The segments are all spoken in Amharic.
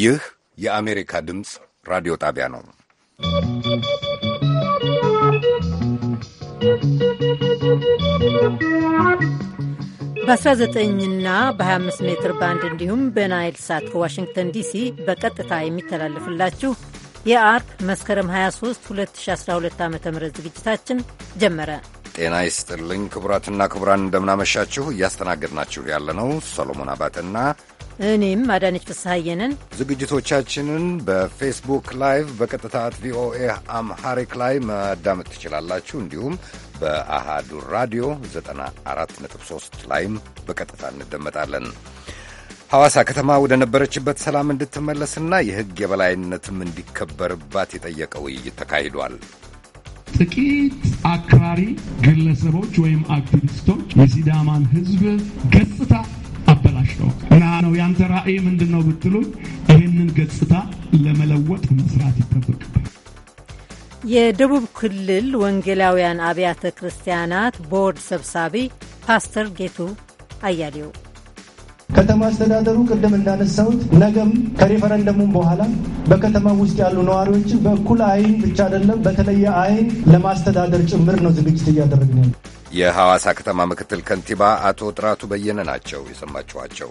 ይህ የአሜሪካ ድምፅ ራዲዮ ጣቢያ ነው። በ19ና በ25 ሜትር ባንድ እንዲሁም በናይል ሳት ከዋሽንግተን ዲሲ በቀጥታ የሚተላለፍላችሁ የአርብ መስከረም 23 2012 ዓ ም ዝግጅታችን ጀመረ። ጤና ይስጥልኝ ክቡራትና ክቡራን፣ እንደምናመሻችሁ። እያስተናገድናችሁ ያለነው ሰሎሞን አባተና እኔም አዳነች ፍስሐየንን። ዝግጅቶቻችንን በፌስቡክ ላይቭ በቀጥታ አት ቪኦኤ አምሃሪክ ላይ ማዳመጥ ትችላላችሁ። እንዲሁም በአሃዱ ራዲዮ 94.3 ላይም በቀጥታ እንደመጣለን። ሐዋሳ ከተማ ወደ ነበረችበት ሰላም እንድትመለስና የሕግ የበላይነትም እንዲከበርባት የጠየቀ ውይይት ተካሂዷል። ጥቂት አክራሪ ግለሰቦች ወይም አክቲቪስቶች የሲዳማን ሕዝብ ገጽታ አበላሽተው እና ነው ያንተ ራዕይ ምንድን ነው ይህንን ገጽታ ለመለወጥ መስራት ይጠበቅብን። የደቡብ ክልል ወንጌላውያን አብያተ ክርስቲያናት ቦርድ ሰብሳቢ ፓስተር ጌቱ አያሌው ከተማ አስተዳደሩ ቅድም እንዳነሳሁት ነገም ከሬፈረንደሙም በኋላ በከተማ ውስጥ ያሉ ነዋሪዎችን በእኩል አይን ብቻ አይደለም በተለየ አይን ለማስተዳደር ጭምር ነው ዝግጅት እያደረግን ያለው። የሐዋሳ ከተማ ምክትል ከንቲባ አቶ ጥራቱ በየነ ናቸው የሰማችኋቸው።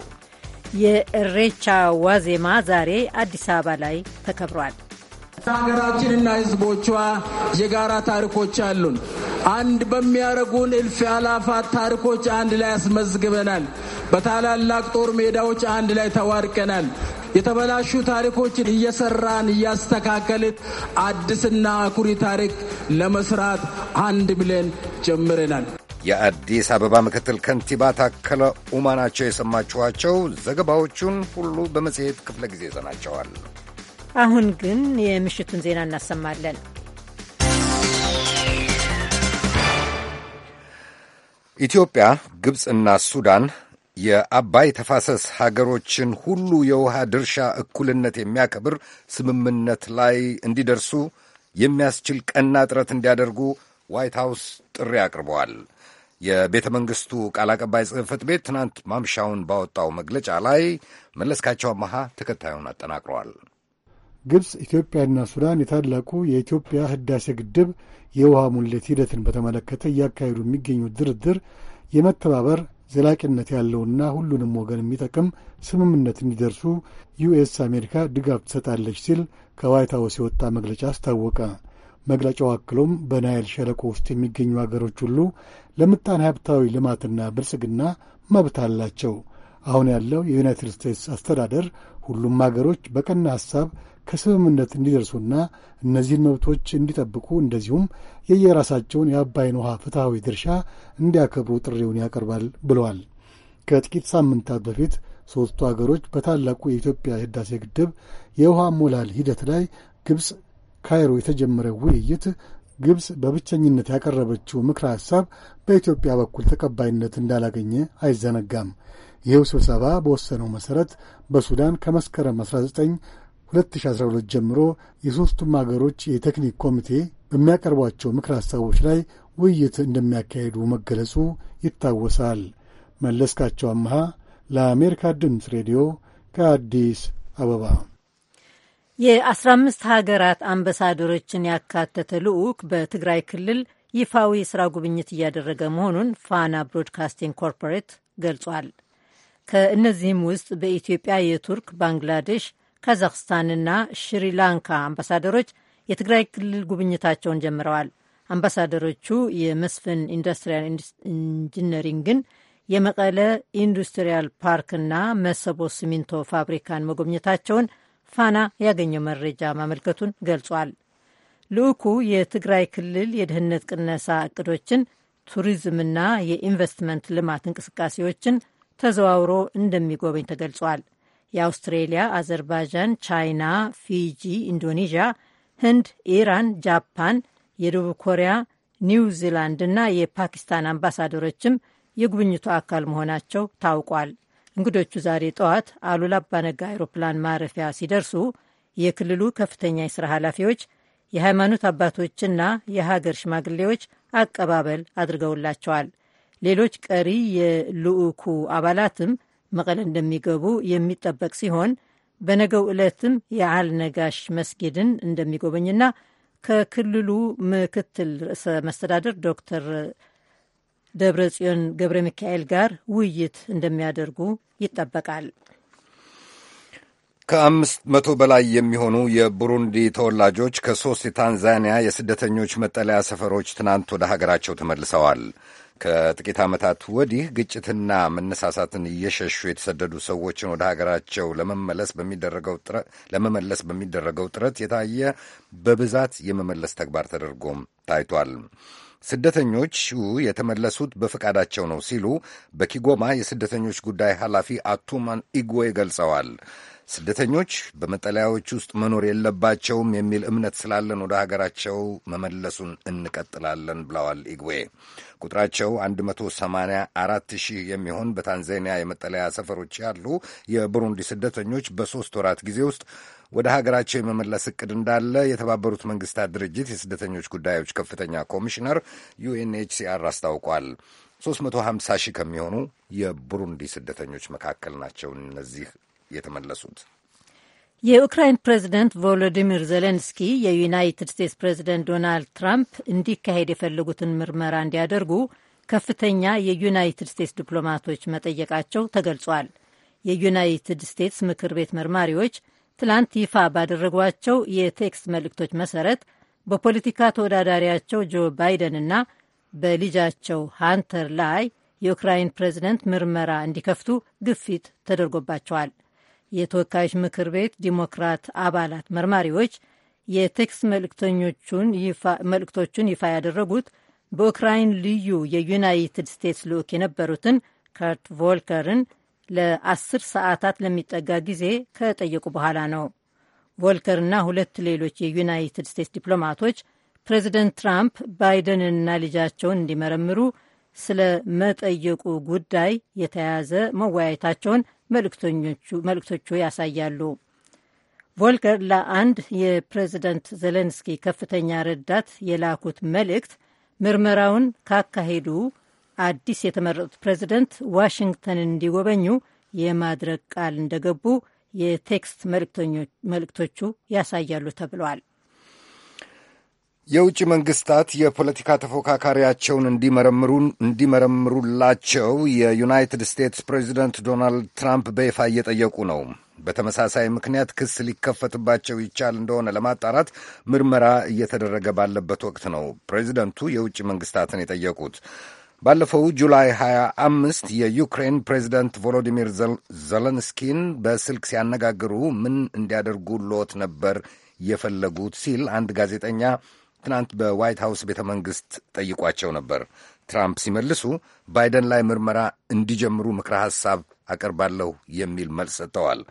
የእሬቻ ዋዜማ ዛሬ አዲስ አበባ ላይ ተከብሯል። ሀገራችንና ህዝቦቿ የጋራ ታሪኮች አሉን። አንድ በሚያደርጉን እልፍ አላፋት ታሪኮች አንድ ላይ አስመዝግበናል። በታላላቅ ጦር ሜዳዎች አንድ ላይ ተዋድቀናል። የተበላሹ ታሪኮችን እየሰራን እያስተካከልን አዲስና አኩሪ ታሪክ ለመስራት አንድ ብለን ጀምረናል። የአዲስ አበባ ምክትል ከንቲባ ታከለ ኡማ ናቸው የሰማችኋቸው። ዘገባዎቹን ሁሉ በመጽሔት ክፍለ ጊዜ ይዘናቸዋል። አሁን ግን የምሽቱን ዜና እናሰማለን። ኢትዮጵያ፣ ግብፅና ሱዳን የአባይ ተፋሰስ ሀገሮችን ሁሉ የውሃ ድርሻ እኩልነት የሚያከብር ስምምነት ላይ እንዲደርሱ የሚያስችል ቀና ጥረት እንዲያደርጉ ዋይት ሀውስ ጥሪ አቅርበዋል። የቤተ መንግሥቱ ቃል አቀባይ ጽሕፈት ቤት ትናንት ማምሻውን ባወጣው መግለጫ ላይ መለስካቸው አመሃ ተከታዩን አጠናቅረዋል። ግብፅ፣ ኢትዮጵያና ሱዳን የታላቁ የኢትዮጵያ ህዳሴ ግድብ የውሃ ሙሌት ሂደትን በተመለከተ እያካሄዱ የሚገኙት ድርድር የመተባበር ዘላቂነት ያለውና ሁሉንም ወገን የሚጠቅም ስምምነት እንዲደርሱ ዩኤስ አሜሪካ ድጋፍ ትሰጣለች ሲል ከዋይት ሀውስ የወጣ መግለጫ አስታወቀ። መግለጫው አክሎም በናይል ሸለቆ ውስጥ የሚገኙ አገሮች ሁሉ ለምጣኔ ሀብታዊ ልማትና ብልጽግና መብት አላቸው። አሁን ያለው የዩናይትድ ስቴትስ አስተዳደር ሁሉም አገሮች በቀና ሐሳብ ከስምምነት እንዲደርሱና እነዚህን መብቶች እንዲጠብቁ እንደዚሁም የየራሳቸውን የአባይን ውሃ ፍትሐዊ ድርሻ እንዲያከብሩ ጥሪውን ያቀርባል ብለዋል። ከጥቂት ሳምንታት በፊት ሦስቱ አገሮች በታላቁ የኢትዮጵያ ህዳሴ ግድብ የውሃ ሞላል ሂደት ላይ ግብፅ ካይሮ የተጀመረ ውይይት ግብፅ በብቸኝነት ያቀረበችው ምክረ ሐሳብ በኢትዮጵያ በኩል ተቀባይነት እንዳላገኘ አይዘነጋም። ይህው ስብሰባ በወሰነው መሠረት በሱዳን ከመስከረም 19 2012 ጀምሮ የሦስቱም አገሮች የቴክኒክ ኮሚቴ በሚያቀርቧቸው ምክር ሐሳቦች ላይ ውይይት እንደሚያካሄዱ መገለጹ ይታወሳል። መለስካቸው አምሃ ለአሜሪካ ድምፅ ሬዲዮ ከአዲስ አበባ። የ15 ሀገራት አምባሳደሮችን ያካተተ ልዑክ በትግራይ ክልል ይፋዊ የሥራ ጉብኝት እያደረገ መሆኑን ፋና ብሮድካስቲንግ ኮርፖሬት ገልጿል። ከእነዚህም ውስጥ በኢትዮጵያ የቱርክ፣ ባንግላዴሽ፣ ካዛክስታንና ሽሪላንካ አምባሳደሮች የትግራይ ክልል ጉብኝታቸውን ጀምረዋል። አምባሳደሮቹ የመስፍን ኢንዱስትሪያል ኢንጂነሪንግን፣ የመቀለ ኢንዱስትሪያል ፓርክና መሰቦ ሲሚንቶ ፋብሪካን መጎብኘታቸውን ፋና ያገኘው መረጃ ማመልከቱን ገልጿል። ልዑኩ የትግራይ ክልል የድህነት ቅነሳ እቅዶችን፣ ቱሪዝምና የኢንቨስትመንት ልማት እንቅስቃሴዎችን ተዘዋውሮ እንደሚጎበኝ ተገልጿል። የአውስትሬሊያ፣ አዘርባጃን፣ ቻይና፣ ፊጂ፣ ኢንዶኔዥያ፣ ህንድ፣ ኢራን፣ ጃፓን፣ የደቡብ ኮሪያ፣ ኒው ዚላንድ እና የፓኪስታን አምባሳደሮችም የጉብኝቱ አካል መሆናቸው ታውቋል። እንግዶቹ ዛሬ ጠዋት አሉላ አባነጋ አውሮፕላን ማረፊያ ሲደርሱ የክልሉ ከፍተኛ የሥራ ኃላፊዎች፣ የሃይማኖት አባቶችና የሀገር ሽማግሌዎች አቀባበል አድርገውላቸዋል። ሌሎች ቀሪ የልዑኩ አባላትም መቀለ እንደሚገቡ የሚጠበቅ ሲሆን በነገው ዕለትም የዓል ነጋሽ መስጊድን እንደሚጎበኝና ከክልሉ ምክትል ርዕሰ መስተዳደር ዶክተር ደብረ ጽዮን ገብረ ሚካኤል ጋር ውይይት እንደሚያደርጉ ይጠበቃል። ከአምስት መቶ በላይ የሚሆኑ የቡሩንዲ ተወላጆች ከሦስት የታንዛኒያ የስደተኞች መጠለያ ሰፈሮች ትናንት ወደ ሀገራቸው ተመልሰዋል። ከጥቂት ዓመታት ወዲህ ግጭትና መነሳሳትን እየሸሹ የተሰደዱ ሰዎችን ወደ ሀገራቸው ለመመለስ በሚደረገው ጥረት የታየ በብዛት የመመለስ ተግባር ተደርጎም ታይቷል። ስደተኞቹ የተመለሱት በፈቃዳቸው ነው ሲሉ በኪጎማ የስደተኞች ጉዳይ ኃላፊ አቱማን ኢግዌ ገልጸዋል። ስደተኞች በመጠለያዎች ውስጥ መኖር የለባቸውም የሚል እምነት ስላለን ወደ ሀገራቸው መመለሱን እንቀጥላለን ብለዋል ኢግዌ። ቁጥራቸው 184 ሺህ የሚሆን በታንዛኒያ የመጠለያ ሰፈሮች ያሉ የቡሩንዲ ስደተኞች በሦስት ወራት ጊዜ ውስጥ ወደ ሀገራቸው የመመለስ እቅድ እንዳለ የተባበሩት መንግስታት ድርጅት የስደተኞች ጉዳዮች ከፍተኛ ኮሚሽነር ዩኤንኤችሲአር አስታውቋል። 350 ሺህ ከሚሆኑ የቡሩንዲ ስደተኞች መካከል ናቸው እነዚህ የተመለሱት። የዩክራይን ፕሬዚደንት ቮሎዲሚር ዜሌንስኪ የዩናይትድ ስቴትስ ፕሬዚደንት ዶናልድ ትራምፕ እንዲካሄድ የፈለጉትን ምርመራ እንዲያደርጉ ከፍተኛ የዩናይትድ ስቴትስ ዲፕሎማቶች መጠየቃቸው ተገልጿል። የዩናይትድ ስቴትስ ምክር ቤት መርማሪዎች ትላንት ይፋ ባደረጓቸው የቴክስት መልእክቶች መሰረት በፖለቲካ ተወዳዳሪያቸው ጆ ባይደን በልጃቸው ሃንተር ላይ የዩክራይን ፕሬዚደንት ምርመራ እንዲከፍቱ ግፊት ተደርጎባቸዋል። የተወካዮች ምክር ቤት ዲሞክራት አባላት መርማሪዎች የቴክስ መልእክቶቹን ይፋ ያደረጉት በኡክራይን ልዩ የዩናይትድ ስቴትስ ልዑክ የነበሩትን ከርት ቮልከርን ለአስር ሰዓታት ለሚጠጋ ጊዜ ከጠየቁ በኋላ ነው። ቮልከርና ሁለት ሌሎች የዩናይትድ ስቴትስ ዲፕሎማቶች ፕሬዚደንት ትራምፕ ባይደንንና ልጃቸውን እንዲመረምሩ ስለ መጠየቁ ጉዳይ የተያያዘ መወያየታቸውን መልእክቶቹ ያሳያሉ። ቮልከር ለአንድ የፕሬዚደንት ዜሌንስኪ ከፍተኛ ረዳት የላኩት መልእክት ምርመራውን ካካሄዱ አዲስ የተመረጡት ፕሬዚደንት ዋሽንግተንን እንዲጎበኙ የማድረግ ቃል እንደገቡ የቴክስት መልእክቶቹ ያሳያሉ ተብሏል። የውጭ መንግስታት የፖለቲካ ተፎካካሪያቸውን እንዲመረምሩ እንዲመረምሩላቸው የዩናይትድ ስቴትስ ፕሬዚደንት ዶናልድ ትራምፕ በይፋ እየጠየቁ ነው። በተመሳሳይ ምክንያት ክስ ሊከፈትባቸው ይቻል እንደሆነ ለማጣራት ምርመራ እየተደረገ ባለበት ወቅት ነው ፕሬዚደንቱ የውጭ መንግስታትን የጠየቁት። ባለፈው ጁላይ 25 የዩክሬን ፕሬዚደንት ቮሎዲሚር ዘለንስኪን በስልክ ሲያነጋግሩ ምን እንዲያደርጉ ሎት ነበር የፈለጉት ሲል አንድ ጋዜጠኛ ትናንት በዋይት ሀውስ ቤተ መንግሥት ጠይቋቸው ነበር። ትራምፕ ሲመልሱ ባይደን ላይ ምርመራ እንዲጀምሩ ምክረ ሐሳብ አቀርባለሁ የሚል መልስ ሰጥተዋል።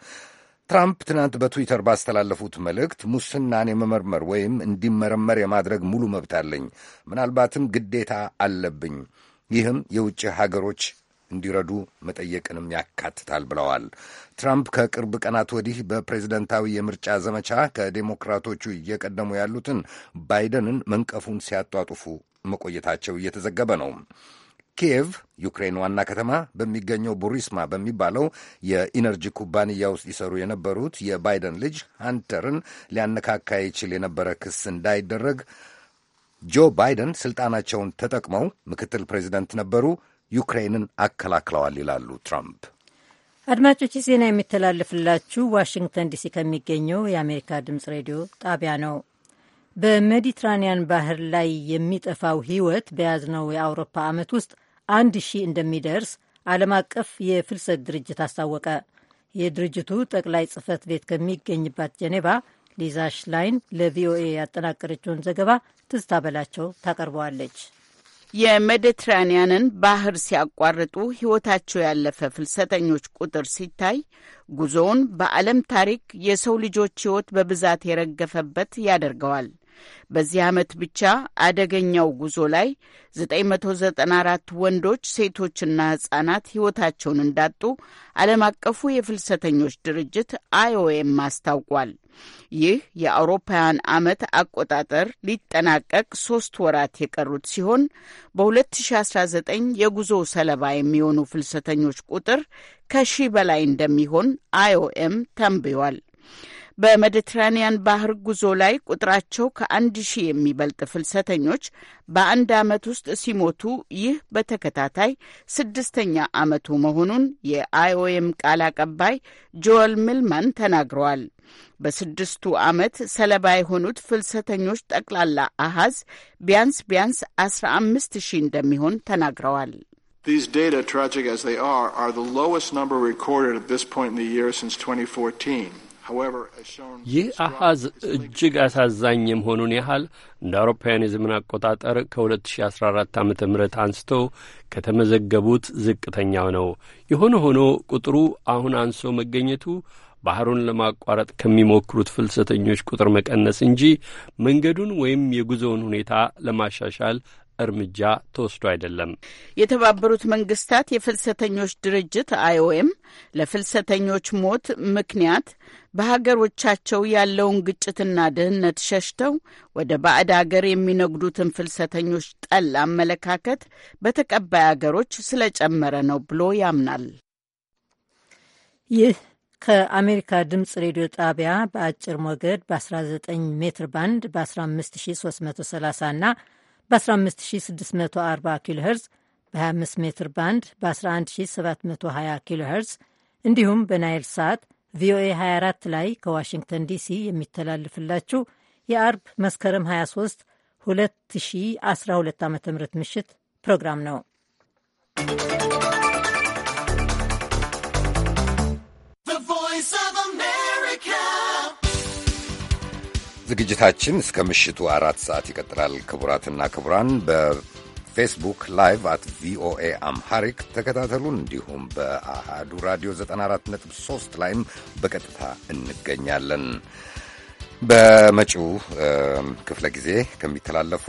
ትራምፕ ትናንት በትዊተር ባስተላለፉት መልእክት ሙስናን የመመርመር ወይም እንዲመረመር የማድረግ ሙሉ መብት አለኝ፣ ምናልባትም ግዴታ አለብኝ። ይህም የውጭ ሀገሮች እንዲረዱ መጠየቅንም ያካትታል ብለዋል። ትራምፕ ከቅርብ ቀናት ወዲህ በፕሬዝደንታዊ የምርጫ ዘመቻ ከዴሞክራቶቹ እየቀደሙ ያሉትን ባይደንን መንቀፉን ሲያጧጡፉ መቆየታቸው እየተዘገበ ነው። ኪየቭ ዩክሬን ዋና ከተማ በሚገኘው ቡሪስማ በሚባለው የኢነርጂ ኩባንያ ውስጥ ይሰሩ የነበሩት የባይደን ልጅ ሃንተርን ሊያነካካ ይችል የነበረ ክስ እንዳይደረግ ጆ ባይደን ስልጣናቸውን ተጠቅመው ምክትል ፕሬዚደንት ነበሩ፣ ዩክሬንን አከላክለዋል ይላሉ ትራምፕ። አድማጮች ዜና የሚተላለፍላችሁ ዋሽንግተን ዲሲ ከሚገኘው የአሜሪካ ድምፅ ሬዲዮ ጣቢያ ነው። በሜዲትራኒያን ባህር ላይ የሚጠፋው ሕይወት በያዝነው የአውሮፓ ዓመት ውስጥ አንድ ሺህ እንደሚደርስ ዓለም አቀፍ የፍልሰት ድርጅት አስታወቀ። የድርጅቱ ጠቅላይ ጽህፈት ቤት ከሚገኝባት ጀኔቫ ሊዛ ሽላይን ለቪኦኤ ያጠናቀረችውን ዘገባ ትዝታ በላቸው ታቀርበዋለች። የሜዲትራኒያንን ባህር ሲያቋርጡ ሕይወታቸው ያለፈ ፍልሰተኞች ቁጥር ሲታይ ጉዞውን በዓለም ታሪክ የሰው ልጆች ሕይወት በብዛት የረገፈበት ያደርገዋል። በዚህ ዓመት ብቻ አደገኛው ጉዞ ላይ 994 ወንዶች ሴቶችና ሕጻናት ሕይወታቸውን እንዳጡ ዓለም አቀፉ የፍልሰተኞች ድርጅት አይኦኤም አስታውቋል። ይህ የአውሮፓውያን ዓመት አቆጣጠር ሊጠናቀቅ ሶስት ወራት የቀሩት ሲሆን በ2019 የጉዞ ሰለባ የሚሆኑ ፍልሰተኞች ቁጥር ከሺህ በላይ እንደሚሆን አይኦኤም ተንብዋል። በሜዲትራኒያን ባህር ጉዞ ላይ ቁጥራቸው ከአንድ ሺህ የሚበልጥ ፍልሰተኞች በአንድ ዓመት ውስጥ ሲሞቱ ይህ በተከታታይ ስድስተኛ ዓመቱ መሆኑን የአይኦኤም ቃል አቀባይ ጆል ሚልማን ተናግረዋል። በስድስቱ ዓመት ሰለባ የሆኑት ፍልሰተኞች ጠቅላላ አሃዝ ቢያንስ ቢያንስ አስራ አምስት ሺህ እንደሚሆን ተናግረዋል። These data, tragic as they are, are the lowest number recorded at this point in the year since 2014. ይህ አሐዝ እጅግ አሳዛኝ የመሆኑን ያህል እንደ አውሮፓውያን የዘመን አቆጣጠር ከ2014 ዓ ም አንስቶ ከተመዘገቡት ዝቅተኛው ነው። የሆነ ሆኖ ቁጥሩ አሁን አንሶ መገኘቱ ባህሩን ለማቋረጥ ከሚሞክሩት ፍልሰተኞች ቁጥር መቀነስ እንጂ መንገዱን ወይም የጉዞውን ሁኔታ ለማሻሻል እርምጃ ተወስዶ አይደለም። የተባበሩት መንግስታት የፍልሰተኞች ድርጅት አይኦኤም ለፍልሰተኞች ሞት ምክንያት በሀገሮቻቸው ያለውን ግጭትና ድህነት ሸሽተው ወደ ባዕድ አገር የሚነጉዱትን ፍልሰተኞች ጠል አመለካከት በተቀባይ አገሮች ስለጨመረ ነው ብሎ ያምናል። ይህ ከአሜሪካ ድምፅ ሬዲዮ ጣቢያ በአጭር ሞገድ በ19 ሜትር ባንድ በ15330 እና በ15640 ኪሎ ሄርዝ በ25 ሜትር ባንድ በ11720 ኪሎ ሄርዝ እንዲሁም በናይል ሳት ቪኦኤ 24 ላይ ከዋሽንግተን ዲሲ የሚተላልፍላችሁ የአርብ መስከረም 23 2012 ዓ ም ምሽት ፕሮግራም ነው። ዝግጅታችን እስከ ምሽቱ አራት ሰዓት ይቀጥላል። ክቡራትና ክቡራን በፌስቡክ ላይቭ አት ቪኦኤ አምሃሪክ ተከታተሉን። እንዲሁም በአሃዱ ራዲዮ 94.3 ላይም በቀጥታ እንገኛለን። በመጪው ክፍለ ጊዜ ከሚተላለፉ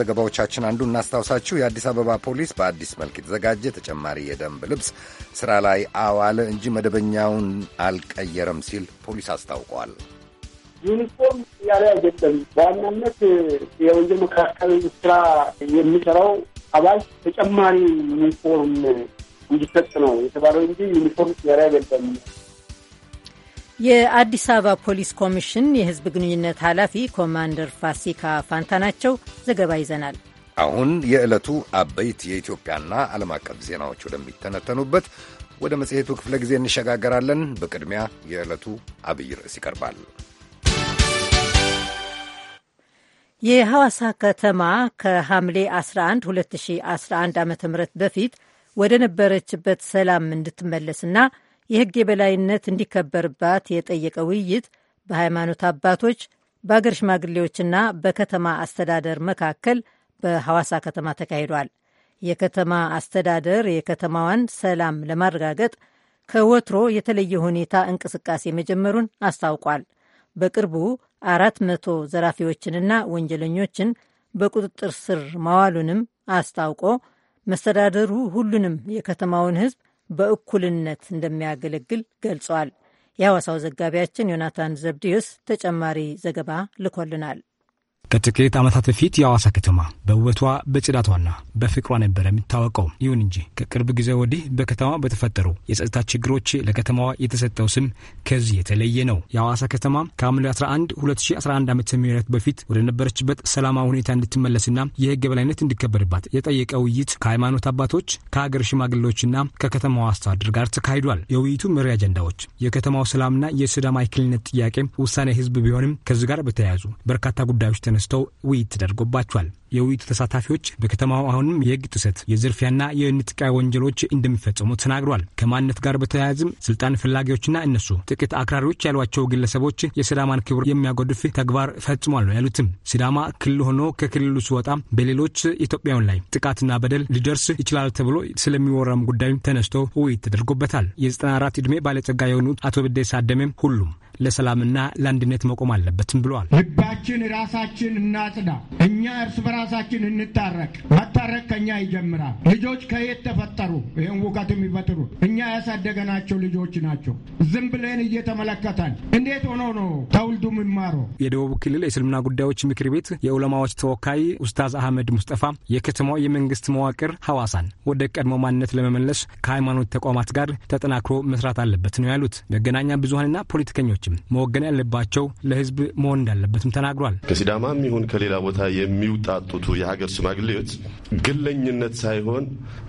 ዘገባዎቻችን አንዱ እናስታውሳችሁ። የአዲስ አበባ ፖሊስ በአዲስ መልክ የተዘጋጀ ተጨማሪ የደንብ ልብስ ስራ ላይ አዋለ እንጂ መደበኛውን አልቀየረም ሲል ፖሊስ አስታውቋል። ዩኒፎርም ያለ አይደለም። በዋናነት የወንጀል መከላከል ስራ የሚሰራው አባል ተጨማሪ ዩኒፎርም እንዲሰጥ ነው የተባለው እንጂ ዩኒፎርም ያለ አይደለም። የአዲስ አበባ ፖሊስ ኮሚሽን የህዝብ ግንኙነት ኃላፊ ኮማንደር ፋሲካ ፋንታ ናቸው። ዘገባ ይዘናል። አሁን የዕለቱ አበይት የኢትዮጵያና ዓለም አቀፍ ዜናዎች ወደሚተነተኑበት ወደ መጽሔቱ ክፍለ ጊዜ እንሸጋገራለን። በቅድሚያ የዕለቱ አብይ ርዕስ ይቀርባል። የሐዋሳ ከተማ ከሐምሌ 11 2011 ዓ ም በፊት ወደ ነበረችበት ሰላም እንድትመለስና የሕግ የበላይነት እንዲከበርባት የጠየቀ ውይይት በሃይማኖት አባቶች፣ በአገር ሽማግሌዎችና በከተማ አስተዳደር መካከል በሐዋሳ ከተማ ተካሂዷል። የከተማ አስተዳደር የከተማዋን ሰላም ለማረጋገጥ ከወትሮ የተለየ ሁኔታ እንቅስቃሴ መጀመሩን አስታውቋል። በቅርቡ አራት መቶ ዘራፊዎችንና ወንጀለኞችን በቁጥጥር ስር ማዋሉንም አስታውቆ መስተዳደሩ ሁሉንም የከተማውን ሕዝብ በእኩልነት እንደሚያገለግል ገልጿል። የሐዋሳው ዘጋቢያችን ዮናታን ዘብዲዮስ ተጨማሪ ዘገባ ልኮልናል። ከጥቂት ዓመታት በፊት የአዋሳ ከተማ በውበቷ በጽዳቷና በፍቅሯ ነበር የሚታወቀው። ይሁን እንጂ ከቅርብ ጊዜ ወዲህ በከተማ በተፈጠሩ የጸጥታ ችግሮች ለከተማዋ የተሰጠው ስም ከዚህ የተለየ ነው። የአዋሳ ከተማ ከሐምሌ 11 2011 ዓ.ም በፊት ወደ ነበረችበት ሰላማዊ ሁኔታ እንድትመለስና የሕግ የበላይነት እንዲከበርባት የጠየቀ ውይይት ከሃይማኖት አባቶች፣ ከሀገር ሽማግሌዎችና ከከተማዋ አስተዳደር ጋር ተካሂዷል። የውይይቱ መሪ አጀንዳዎች የከተማው ሰላምና የስዳማ ክልልነት ጥያቄ ውሳኔ ህዝብ ቢሆንም ከዚህ ጋር በተያያዙ በርካታ ጉዳዮች ተነ ተነስተው ውይይት ተደርጎባቸዋል። የውይይቱ ተሳታፊዎች በከተማው አሁንም የህግ ጥሰት የዝርፊያና የንጥቂያ ወንጀሎች እንደሚፈጸሙ ተናግሯል። ከማንነት ጋር በተያያዝም ስልጣን ፈላጊዎችና እነሱ ጥቂት አክራሪዎች ያሏቸው ግለሰቦች የሲዳማን ክብር የሚያጎድፍ ተግባር ፈጽሟል ነው ያሉትም። ሲዳማ ክልል ሆኖ ከክልሉ ሲወጣ በሌሎች ኢትዮጵያውያን ላይ ጥቃትና በደል ሊደርስ ይችላል ተብሎ ስለሚወራም ጉዳዩ ተነስቶ ውይይት ተደርጎበታል። የ94 ዕድሜ ባለጸጋ የሆኑት አቶ ብዴሳ አደሜም ሁሉም ለሰላምና ለአንድነት መቆም አለበትም ብለዋል። ልባችን ራሳችን እናጽዳ፣ እኛ እርስ በራሳችን እንታረቅ። መታረቅ ከኛ ይጀምራል። ልጆች ከየት ተፈጠሩ? ይህን ውቀት የሚፈጥሩ እኛ ያሳደገናቸው ልጆች ናቸው። ዝም ብለን እየተመለከታል እንዴት ሆኖ ነው ተውልዱ የሚማሩ? የደቡብ ክልል የእስልምና ጉዳዮች ምክር ቤት የዑለማዎች ተወካይ ኡስታዝ አህመድ ሙስጠፋ የከተማው የመንግስት መዋቅር ሐዋሳን ወደ ቀድሞ ማንነት ለመመለስ ከሃይማኖት ተቋማት ጋር ተጠናክሮ መስራት አለበት ነው ያሉት። መገናኛ ብዙሀንና ፖለቲከኞች አይደለችም፣ መወገን ያለባቸው ለህዝብ መሆን እንዳለበትም ተናግሯል። ከሲዳማም ይሁን ከሌላ ቦታ የሚውጣጡቱ የሀገር ሽማግሌዎች ግለኝነት ሳይሆን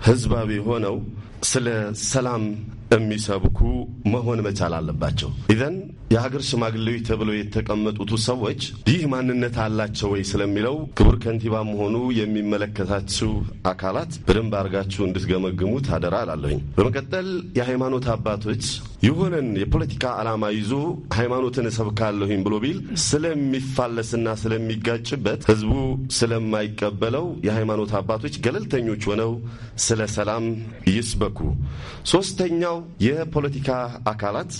ህዝባዊ ሆነው ስለ ሰላም የሚሰብኩ መሆን መቻል አለባቸው። ኢዘን የሀገር ሽማግሌዎች ተብለው የተቀመጡት ሰዎች ይህ ማንነት አላቸው ወይ ስለሚለው ክቡር ከንቲባ መሆኑ የሚመለከታችሁ አካላት በደንብ አድርጋችሁ እንድትገመግሙ ታደራ አላለሁኝ። በመቀጠል የሃይማኖት አባቶች ይሁንን የፖለቲካ ዓላማ ይዞ ሃይማኖትን እሰብካለሁኝ ብሎ ቢል ስለሚፋለስና ስለሚጋጭበት ህዝቡ ስለማይቀበለው የሃይማኖት አባቶች ገለልተኞች ሆነው ስለ ሰላም ይስበኩ። ሶስተኛው የፖለቲካ አካላት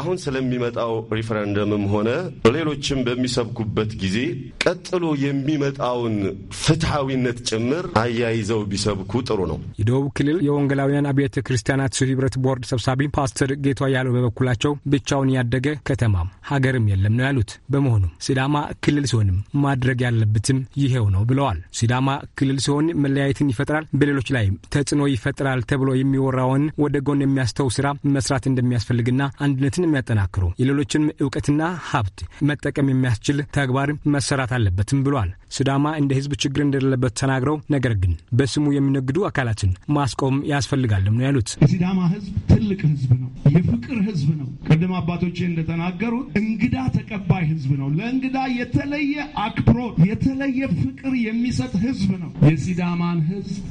አሁን ስለሚመጣው ሪፈረንደምም ሆነ ሌሎችም በሚሰብኩበት ጊዜ ቀጥሎ የሚመጣውን ፍትሐዊነት ጭምር አያይዘው ቢሰብኩ ጥሩ ነው። የደቡብ ክልል የወንጌላውያን አብያተ ክርስቲያናት ህብረት ቦርድ ሰብሳቢ ፓስተር ጌቷ ያለው በበኩላቸው ብቻውን ያደገ ከተማም ሀገርም የለም ነው ያሉት። በመሆኑም ሲዳማ ክልል ሲሆንም ማድረግ ያለበትም ይሄው ነው ብለዋል። ሲዳማ ክልል ሲሆን መለያየትን ይፈጥራል፣ በሌሎች ላይም ተጽዕኖ ይፈጥራል ተብሎ የሚወራውን ወደ ጎን የሚያ ተቀናጅተው ስራ መስራት እንደሚያስፈልግና አንድነትን የሚያጠናክሩ የሌሎችንም እውቀትና ሀብት መጠቀም የሚያስችል ተግባር መሰራት አለበትም ብሏል። ሲዳማ እንደ ህዝብ ችግር እንደሌለበት ተናግረው ነገር ግን በስሙ የሚነግዱ አካላትን ማስቆም ያስፈልጋልም ነው ያሉት። የሲዳማ ህዝብ ትልቅ ህዝብ ነው። የፍቅር ህዝብ ነው። ቅድም አባቶቼ እንደተናገሩት እንግዳ ተቀባይ ህዝብ ነው። ለእንግዳ የተለየ አክብሮት፣ የተለየ ፍቅር የሚሰጥ ህዝብ ነው። የሲዳማን ህዝብ